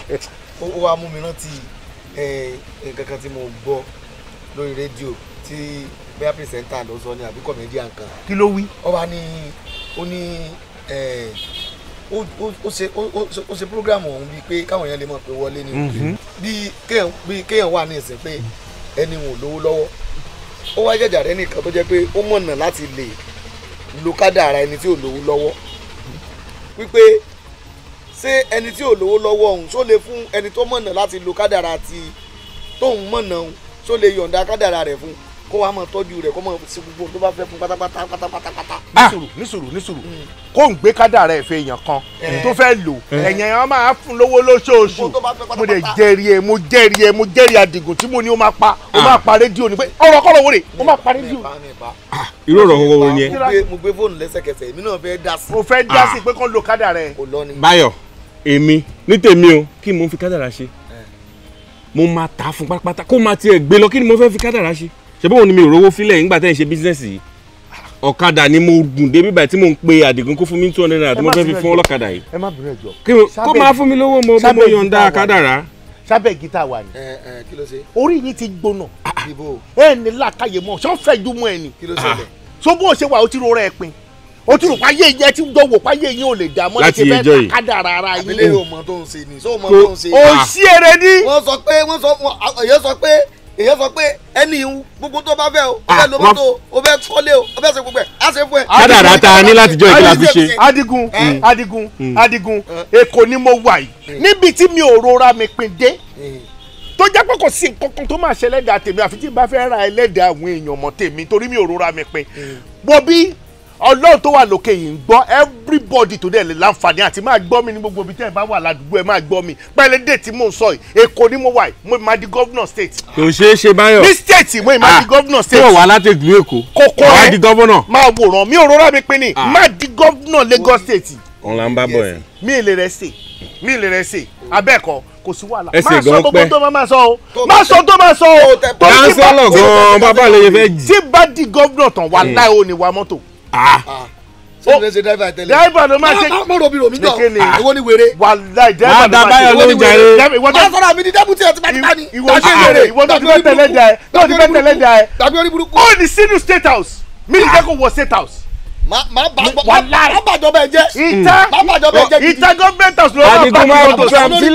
ó wàá mú mi rántí nǹkan kan tí mo gbọ́ lórí rédíò tí bẹ́ẹ̀ pírẹsẹ̀ntà ló sọ ní àbí kọ̀mẹ́díà kan. kí ló wí. ó wà ó ní ó ṣe ó ṣe programu ọ̀hún bíi pé káwọn yẹn lè mọ̀ pé wọlé ni mhm. bíi kéèyàn bíi kéèyàn wà ní ìsìn pé ẹni wọn ò lówó lọ́wọ́ ó wá jẹ̀jà rẹ nìkan tó jẹ́ pé ó mọ̀nà láti lè lo kádà ara ẹni tí ò lówó lọ́wọ́ wípé ṣé ẹni tí ò lówó lọ́wọ́ ọ̀hún ṣó lè fún ẹni tó mọ̀nà láti lo kádàrà ti tóun mọ̀nà ọ̀hún ṣó lè yọ̀ǹda kádàrà rẹ̀ fún un kó wa máa tọ́jú rẹ̀ kó máa ṣe gbogbo tó bá fẹ́ fún pátápátá pátápátá. Ah! nísùrù nísùrù nísùrù hmm. kó ń gbé kádàrá ẹ̀ fẹ́ èèyàn kan eh. tó fẹ́ lò eh. ẹ̀yàn yẹn máa fún lówó lóṣooṣù mo lè jẹ́rìí ẹ̀ mo jẹ́rìí ẹ̀ mo jẹ́rìí àdìgún tí mo ní o máa pa o ah. máa pa rédíò ní pé ọ̀rọ̀ kọ́rọ̀ wo rè o máa pa rédíò. Ah, irú ọ̀rọ̀ kọ́kọ́ wo yẹn. mo gbé fóònù lẹ́sẹ̀kẹsẹ̀ èmi náà fẹ́ dá sí. mo fẹ́ dá sí pé kán lo kádàrá ẹ̀. báyọ̀ èmi ní tèmi o kí mo fi kádàrá ṣe eh. mo máa tà á fún pátápátá kó máa tiẹ̀ gbé lọ kí ni mo fẹ́ fi kádàrá ṣe ṣe bóun ni mi ò rówó fílẹ̀ nígbà tẹ́ ń ṣe bísínẹ́sì yìí ọ̀kadà ni mo gùn débi báyìí tí mo ń pe àdìgún kó fún mi two hundred naira tí mo fẹ́ fi fún ọlọ́kadà yìí kó máa fún mi lówó mo bí mo yọ̀ǹda ọ̀kadà rà. sábẹ́ gita wà ní. orí yìí ti gbóná ah, ah, ẹ ní làkàyè mọ́ ṣọ́ fẹ́ ju mọ́ ẹ ni ah. so bó o ṣe wà o ti rora ẹ pin o ti rò páyé yẹn ti dọwọ páyé yín ò lè dà mọ́ láti ìjọ yìí kádàrà ara yín. àbílẹ̀ yóò mọ tó ń ṣe ni. o ṣí èrè ní. wọ́n sọ pé wọ́n sọ pé èyàn sọ pé ẹni gbogbo tó bá fẹ́ o ó ah, fẹ́ lo mọ́tò ó fẹ́ kọ́lé o ó fẹ́ ṣe gbogbo ẹ̀ á ṣe fún ẹ. kádàrá ta ni láti jọ ìgbìlá fi adigun adigun adigun èkó ni mo wà yìí hmm. níbi tí mi ò rora mi pin dé hmm. tó jẹ́ pé kò sí nǹkan kan tó máa ṣe ẹlẹ́dàá tèmi àfi tí n bá fẹ́ ra ẹlẹ́dàá àwọn èèyàn mọ́ tèmi torí mi ò rora mi pin. Hmm. wọ́n bí ọlọ́run tó wà lókè yìí ń gbọ́ everybody tó dẹ̀ lè láǹfààní àti máa mi ní gbogbo ibi tẹ́ ẹ bá wà ládùúgbò ẹ máa gbọ́ mi pẹ̀lẹ́ déètì mò ń sọ yìí èkó ni mo wà yìí mo máa di governor state. kò ṣeé ṣe báyọ̀ ní state mo máa di ah, governor state. kí wà láti ìlú èkó kókó rẹ máa di governor. máa wòran mi ò rọra mi pin ah. máa di governor lagos state. òun ń bá bọ̀ yẹn. mi ì lè rẹ̀ sè mi ì lè rẹ̀ sè abẹ́ẹ̀kọ́ kò sí wàhálà. ẹsẹ̀ gan pẹ́ máa sọ gbogbo tó máa sọ o máa sọ tó máa sọ o. dáńsọ́lọ̀ gan bá di gómìnà tán wà láì hmm. Oh, ṣe ṣe dáìbà ló máa ṣe. mo rò mi jọ ìwọ ni wèrè. wàláì dáìbà ló máa ṣe ìwọ ni wèrè. wọ́n sọ̀rọ̀ mi ni dẹ́bùtì ẹ̀ ti bá ti bá ni. ìwọ ni wèrè ìwọ náà ti fẹ́ tẹ̀lé jà ẹ́ náà ti fẹ́ tẹ̀lé jà ẹ́. tàbí orí burúkú. ó ní sínú state house mi ni jẹ́kọ̀ wọ state house. má bàjọ́ bẹ́ẹ̀ jẹ́. ìta ìta gọ́ọ̀mẹ̀ntì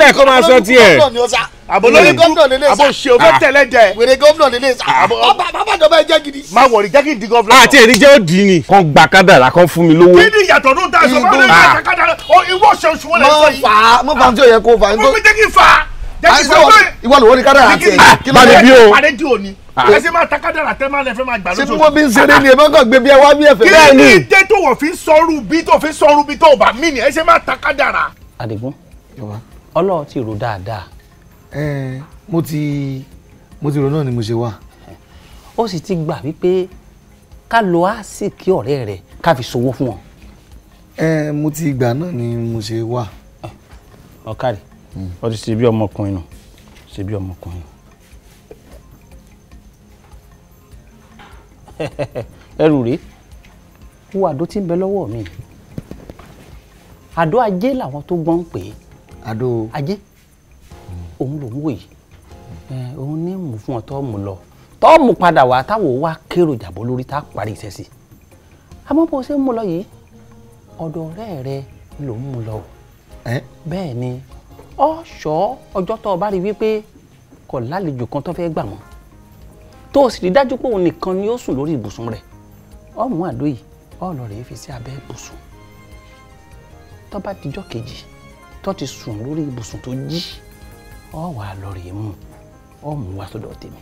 àbò lórí gómìnà lélẹ̀ sá àbò ṣe o fẹ́ ah. tẹ̀lé jẹ. wèrè gómìnà lélẹ̀ sá ah. bàbá bàbá dọ̀ bá jẹ́ gidi. má wọ̀rì jẹ́ kí n di gómìnà. àti èyí jẹ́ òdì ni. kàn gba kádàrà kan fún mi lówó. kí ni ìyàtọ̀ ló ń ta sọ fún mi kádàrà ìwọ ṣe oṣù wọlé sọ yìí. mo fa mo fa tí o yẹ kó fa. mo fi jẹ́ kí n fa. ìwọ lówó ni kádàrà àti ẹ̀ ah, bá mi bí o. àdéjì òní ẹsẹ máa ta kádàrà tẹ máa lẹ fẹ máa gbà lóṣooṣù. ṣé mo bí ń ṣeré ni ẹ̀fọ́ kan gbé bí ẹ wá bí ẹ̀fẹ̀ bẹ́ẹ̀ ni. kí ni dé tó wọ̀ fi ń sọ́rù bí tó fi ń sọ́rù bí tó bá mí ni ẹsẹ máa ta kádàrà. àdìgún ọlọ́ọ̀ ti rò dáadáa mo ti mo ti rò náà ni mo ṣe wà. ó sì ti gbà wípé ká lo àsìkí ọ̀rẹ́ rẹ̀ ká fi ṣòwò fún wọn. mo ti gbà náà ni mo ṣe wà. ọ̀kàrí ó ti ṣe bí ọmọkùnrin nù ṣe bí ọmọkùnrin nù. ẹrù rèé wo àdó tí ń bẹ lọ́wọ́ mi àdó ajé làwọn tó gbọ́n pè é. àdó ajé òun lòún wò yìí òun ní mú fún ọ tọ́ mú lọ tọ́ mú padà wá táwọn wá kérò jàbọ́ lórí tá a parí iṣẹ́ sí i àmọ́ bó ṣe ń mú lọ yìí ọ̀dọ̀ ọ̀rẹ́ rẹ lòún mú lọ o bẹ́ẹ̀ ni ọ̀ṣọ́ ọjọ́ tó o bá rí wípé kò lálejò kan tó fẹ́ gbà mọ́ tó o sì rí dájú pé òun nìkan ni ó sùn lórí ibùsùn rẹ̀ ọmú àdó yìí ọ̀lọ́ rẹ̀ fi sí abẹ́ ibùsùn tó bá dijọ́ kejì tó ti sùn lórí ibùsùn tó jí. Mm -hmm ọ wà lọ mu, mú ọ mú wá sọ́dọ̀ tèmi.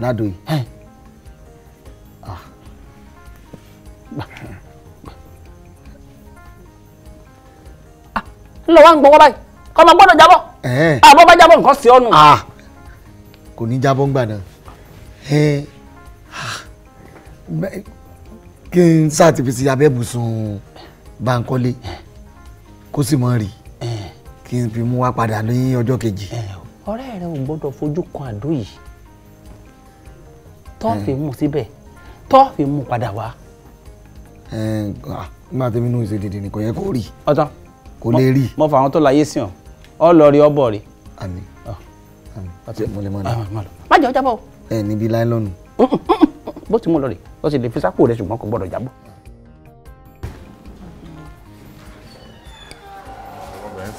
nado yìí. ẹ ah gbà ah, lọ wá ń gbọwọ báyìí kọ ọmọ gbọ́dọ̀ jábọ́ àbọ ah, bá jábọ́ nǹkan sí ọnù. Ah. kò ní jábọ́ ńgbà náà kí n sáà ti fi sí abẹ́ ibùsùn Bankole kó sì mọ̀ rí kí n fi mú wá padà ní ọjọ́ kejì. ọ̀rẹ́ rẹ ò gbọ́dọ̀ fojú kan àdó yìí tọ́ọ̀fì mú síbẹ̀ tọ́ọ̀fì mú padà wá. nígbà tí minú ṣe dìde nìkan yẹ kó rí kó lè rí. mo fà àwọn tó láyé sí ọ ọ lọ rí ọbọ rí. àmín àmín mo lè mọ ọ. má jẹ́ ọjà bọ̀. ẹ níbi láìlọ́nù. Mm, mm, mm, bó ti mú lọ rè ó sì lè fi sápò rẹ ṣùgbọ́n kò gbọ́dọ̀ jábọ̀.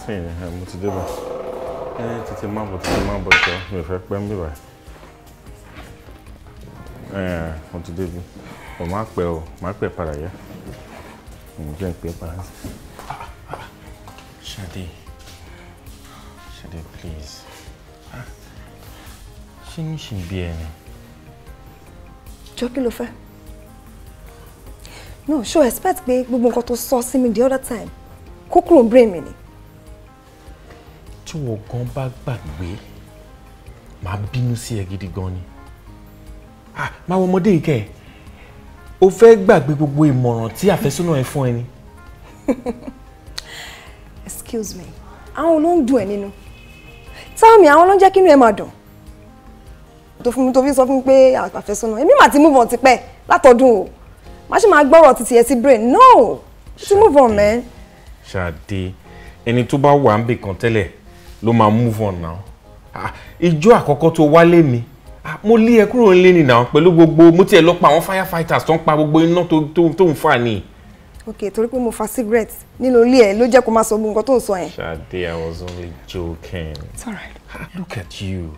sìn yẹn eh, mo ti débẹ̀ ẹ tètè má bọ̀ tètè má bọ̀ jọ mi ò fẹ́ pẹ́ ń bíbà ẹ mo ti débi ò má pẹ́ o má pẹ́ padà yá ǹjẹ́ ń pẹ́ padà. Ṣadé Ṣadé please ah. ṣé ní ṣì ń bí ẹ ni. jọ kí ló fẹ́ no ṣó expect pé gbogbo nǹkan tó sọ sí mi the other time kó kúrò ń brain mi ni tí wọ́n gan bá gbàgbé màá bínú sí ẹ gidi gan ni ah, máa wọ ọmọdé yìí kẹ́ o fẹ́ gbàgbé gbogbo ìmọ̀ràn tí àfẹ́sọ́nà ẹ fún ẹ ni. excuse me àwọn ló ń dùn ẹ nínú táwọn mi àwọn ló ń jẹ́ kínú ẹ máa dùn tó fún mi tó fi sọ fún mi pé àfẹ́sọ́nà èmi mà ti move on tipẹ́ látọdún o má ṣe máa gbọ́rọ̀ títí ẹ sí brain no ti move on man. ṣáde ẹni tó bá wà ń bìkan tẹ́lẹ̀ ló máa move on now ìjọ ah, àkọ́kọ́ tó wálé mi ah, mo lé ẹ kúrò ńlé ni now pẹ̀lú gbogbo mo tiẹ̀ lọ pa àwọn firefighters tó ń pa gbogbo iná tó ń fà ni. ok torí pé mo fa cigarette nínú ilé ẹ ló jẹ́ kó máa sọ gbogbo nǹkan tó ń sọ yẹn. Ṣadé I was only joking. it's alright. Ah, look at you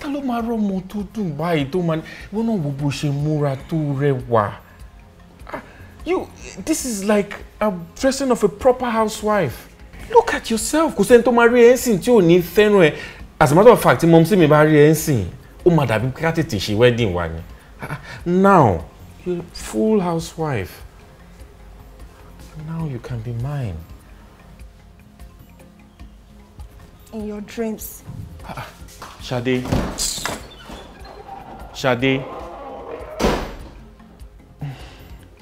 ta ló máa rọmọ tó dùn báyìí tó máa ní wọn náà wo bó ṣe múra tó rẹwà you this is like a dressing of a proper housewife look at yourself kò sẹ́ni tó máa rí ẹ̀ ń sìn tí ò ní fẹ́ràn ẹ̀ as a matter of fact mọ́mísí mi bá rí ẹ̀ ń sìn ó máa dàbí ká tètè ṣe wedding wa ni ah, now you're a full housewife now you can be mine. in your dreams. Ah, Shade. Ah, Shade.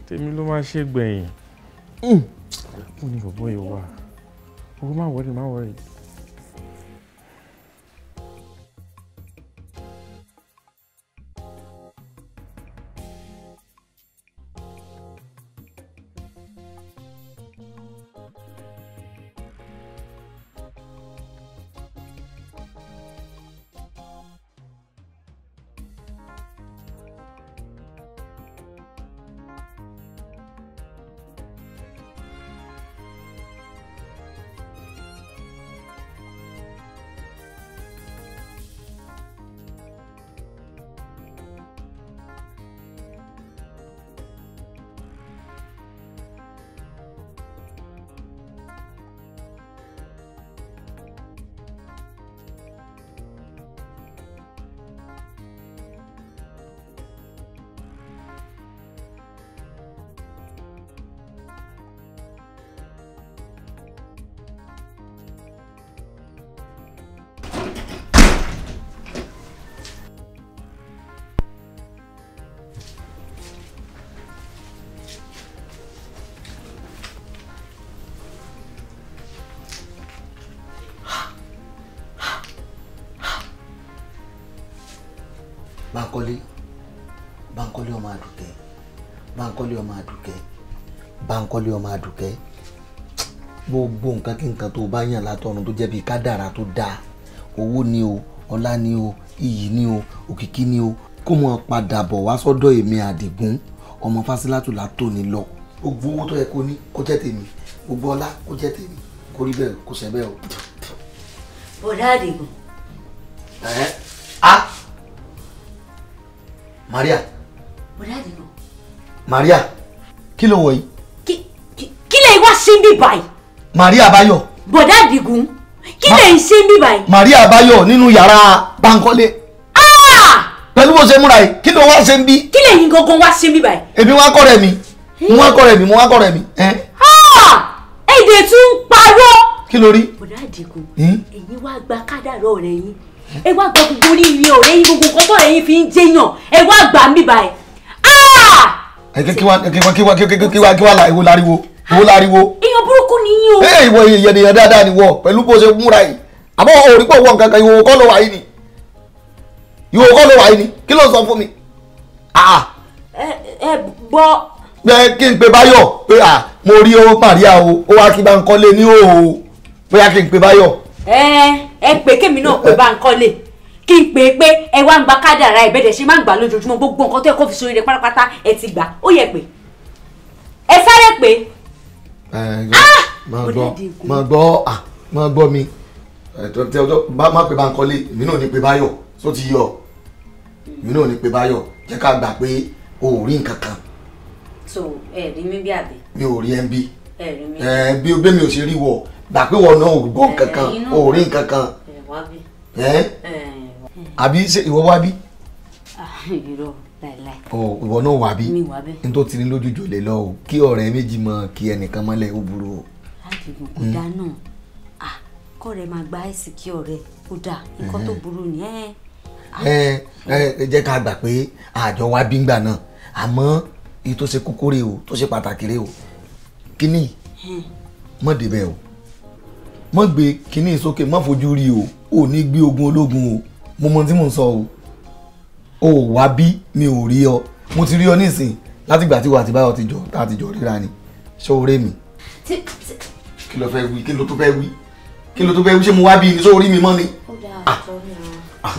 Tèmi ló máa ṣe gbẹ̀yìn. Mo hmm. ní bọ̀bọ̀ yìí wà. Who am I worried? Am I worried? Bankole Bankole ọmọ Àdùkẹ́ Bankole ọmọ Àdùkẹ́ Bankole ọmọ Àdùkẹ́ gbogbo nǹkan kí nǹkan tó bá yàn látọ̀run tó jẹ́ bíi kádàrà tó dáa owó ni o ọlá ni o iyì ni o òkìkí ni o kó mọ padà bọ̀ wá sọ́dọ̀ èmi Àdìgún ọmọ Fásiláàtù látòní lọ gbogbo owó tó yẹ kó ní kó jẹ́ tèmi gbogbo ọlá kó jẹ́ tèmi kó rí bẹ́ẹ̀ kó ṣe bẹ́ẹ̀ o. bọ̀dá Àdìgún. ẹ Maria. Bọ̀dá Àdìnà. Maria kí ló wọ̀ yìí. Kí lè wá sí bí báyìí? Maria Bayo. Bọ̀dá Àdìgún kí lè sí bí báyìí? Maria Bayo nínú yàrá Bankole. Ah! Pẹ̀lú bó ṣe múra yìí, kí ló wá ṣe ń bí? Kí lè yín gangan wá ṣe bí báyìí? Èmi wá kọ́ rẹ̀ mi, mo wá kọ́ rẹ̀ mi, mo wá kọ́ rẹ̀ mi. Èdè ah! tún parọ́. Kí ló rí? Bọ̀dá Àdìgún, èyí hm? wá gba kádàrọ̀ rẹ̀ yín ẹ wá gbọ́ gbogbo oríire ọ̀rẹ́ yín gbogbo nǹkan tọ́rẹ̀ yín fi ń jẹyàn ẹ wá gbà mí báyìí. Ah! ẹ kí wá kí wá kí wá kí wá kí wá la ìwo láriwo ìwo láriwo. èèyàn burúkú ni yín o. ẹ ìwọ èèyàn èèyàn dáadáa ni wọ pẹ̀lú bó ṣe múra yìí àmọ́ òòrí pọ̀ wọ nǹkan kan ìwọ kọ́ ló wà yìí ni ìwọ kọ́ ló wà yìí ni kí ló sọ fún mi. Ah, ah. ẹ gbọ́. pé kí n pe Báyọ̀ pé mo rí ó Màríà o ó wá kí bá ń kọ́lé ní òòó bóyá kí n pe Báyọ̀ ẹ ẹ pé kémi náà pé Bánkọ́lé kí n pè é pé ẹ wá ń gba káàdì ara ẹ bẹ́ẹ̀ ṣe máa ń gbà lójoojúmọ́ gbogbo nǹkan tó yẹ kó fi sórí rẹ pátápátá ẹ ti gbà ó yẹ pé ẹ sáré pé. Ah! máa gbọ́ máa gbọ́ máa gbọ́ mi má pè Bánkọ́lé èmi náà ní pé Báyọ̀ tó ti yọ èmi náà ní pé Báyọ̀ jẹ́ ká gbà pé o ò rí nǹkan kan. so ẹ rí mi bí àbí. mi ò rí ẹ ń bí. ẹ rí mi bí. ẹ bí mi ò ṣe rí wọ gbà pé wọn náà ò gbọ́ kankan ò rí kankan àbí ìwọ wá bí. Ah, ìwọ náà wá bí n tó ti ní lójújò lè lọ o kí ọ̀rẹ́ méjì mọ kí ẹnìkan mọ́lẹ̀ ó burú o. àdìgún kò hmm. dá náà ah, kọ́rẹ́ máa gba àìsí kí ọ̀rẹ́ kó dà nǹkan tó eh. burú ni ẹ ah. eh, eh, ẹ jẹ́ ká gbà pé àjọ wa bí ngbà náà àmọ́ èyí tó ṣe kókó rèé o tó ṣe pàtàkì rèé o kíní mọ̀dé bẹ́ẹ̀ o mọ́ gbé kinní sókè mọ́ fojú rí o ò ní gbé ogun ológun o mo mọ tí mò ń sọ o ò wá bí mi ò rí ọ mo ti rí ọ nísìn látìgbà tí wàá ti báyọ̀ ti jọ tá a ti jọ ríra ni ṣóore mi. kí ló fẹ́ wí kí ló tó fẹ́ wí kí ló tó fẹ́ wí ṣé mo wá bí ni sóorí mi mọ́ ni. Ah. Ah.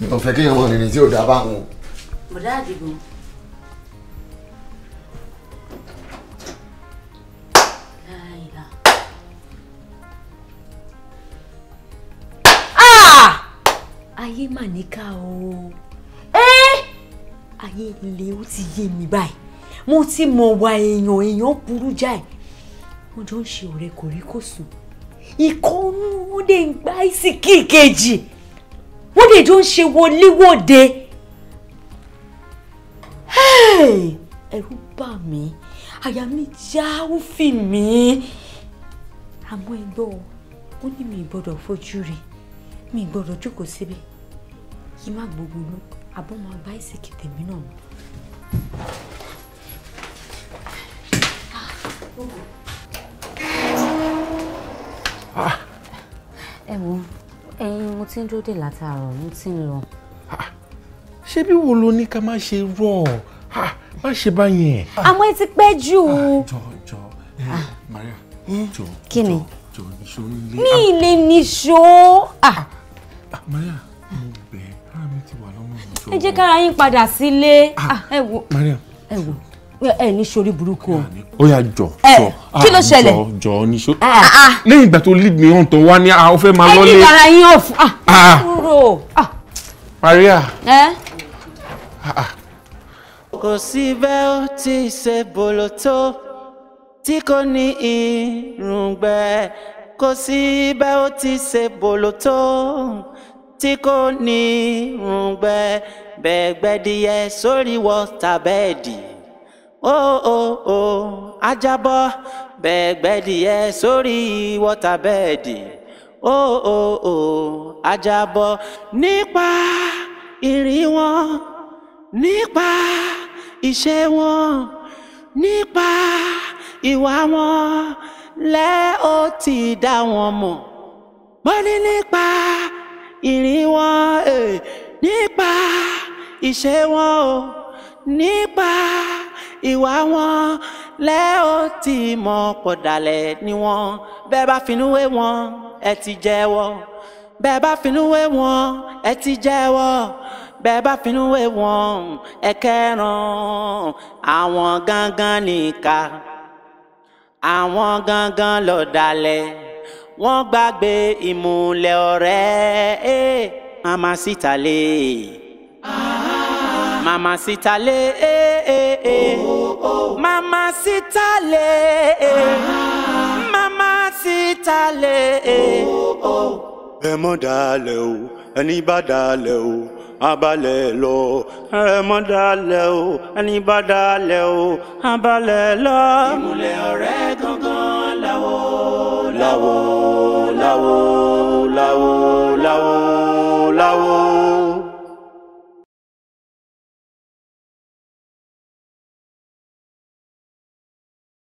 mi ò fẹ́ kéèyàn mọ̀ nìyí tí ò dáa báwọn. bọ̀dá àdìgún ayé mà níkà o ayé ilé ó ti yé mi báyìí mo ti mọ̀ wá èèyàn èèyàn burú jáì wọ́n jọ ń ṣe ọ̀rẹ́ kòríkòsùn ìkọ́nú wọn dé ń gba ìsìnkì kejì wọ́n dé jọ ń ṣe wọléwọ̀de ẹ̀rù bà mí àyà mi já ó fi mí àmọ́ ẹgbọ́ ó ní mi gbọ́dọ̀ fojú rí mi gbọ́dọ̀ jókòó síbẹ̀ kí n má gbógun lọ abọ́ máa bá ìsìnkì tèmi náà mu. Ah! ẹ wo ẹyin mo ti ń dúró dè látàárọ̀ mo ti ń lọ. Ah! ṣé bí wo ló ní ká má ṣe rọ ah! má ṣe báyẹn. àmọ́ ẹ ti pẹ́ jù. jọ jọ Maria eh? jọ jọ jọ níṣó nílé. ní ilé níṣó. Maria mo bẹ̀ ara mi ti wà lọ́mọ ìjọ. ẹ jẹ́ kára yín padà sílé ah, ah, ẹ wo ẹ wo ẹ ní sori burúkú ó yà jọ jọ ah, kí jọ jọ ní sori. lẹ́yìn ìgbà tó lead me on tó wá ní ọ fẹ́ máa lọ́lé. ẹ ní kára yín ọ̀f kúrò. Maria. kò sí ó ti ṣe bolo tó tí kò ní irùngbẹ́ kò sí ó ti ṣe bolo tó tí kò ní rùngbẹ bẹ̀gbẹ́dìyẹ sórí wọ́tà bẹ́ẹ̀dì ó ó ó ajábọ́ bẹ̀gbẹ́dìyẹ sórí wọ́tà bẹ́ẹ̀dì ó ó ó ajábọ́ nípa ìrì wọn nípa ìṣe wọn nípa ìwà wọn lẹ́ ó ti dá wọn mọ̀ wọ́n ní nípa ìrìn wọn eh, nípa ìṣe wọn o nípa ìwà wọn lẹ́ ó ti mọ̀ pọ̀dàlẹ̀ ni wọ́n bẹ́ẹ̀ bá finú wé wọn ẹ ti jẹ́wọ́ bẹ́ẹ̀ bá finú wé wọn ẹ ti jẹ́wọ́ bẹ́ẹ̀ bá finú wé wọn ẹ kẹ́ràn àwọn gangan nìka àwọn gangan lọ̀dàlẹ̀ wọ́n gbàgbé ìmùlẹ̀ ọ̀rẹ́ ẹ̀ eh, màmá síta lé màmá síta lé eh, eh, màmá síta lé màmá síta lé. ẹ mọ̀ dalẹ̀ o ẹni bá dalẹ̀ o abalẹ̀ lọ ẹ mọ̀ dalẹ̀ o ẹni bá dalẹ̀ o abalẹ̀ lọ. ìmùlẹ̀ ọ̀rẹ́ gangan làwọ̀ làwọ̀.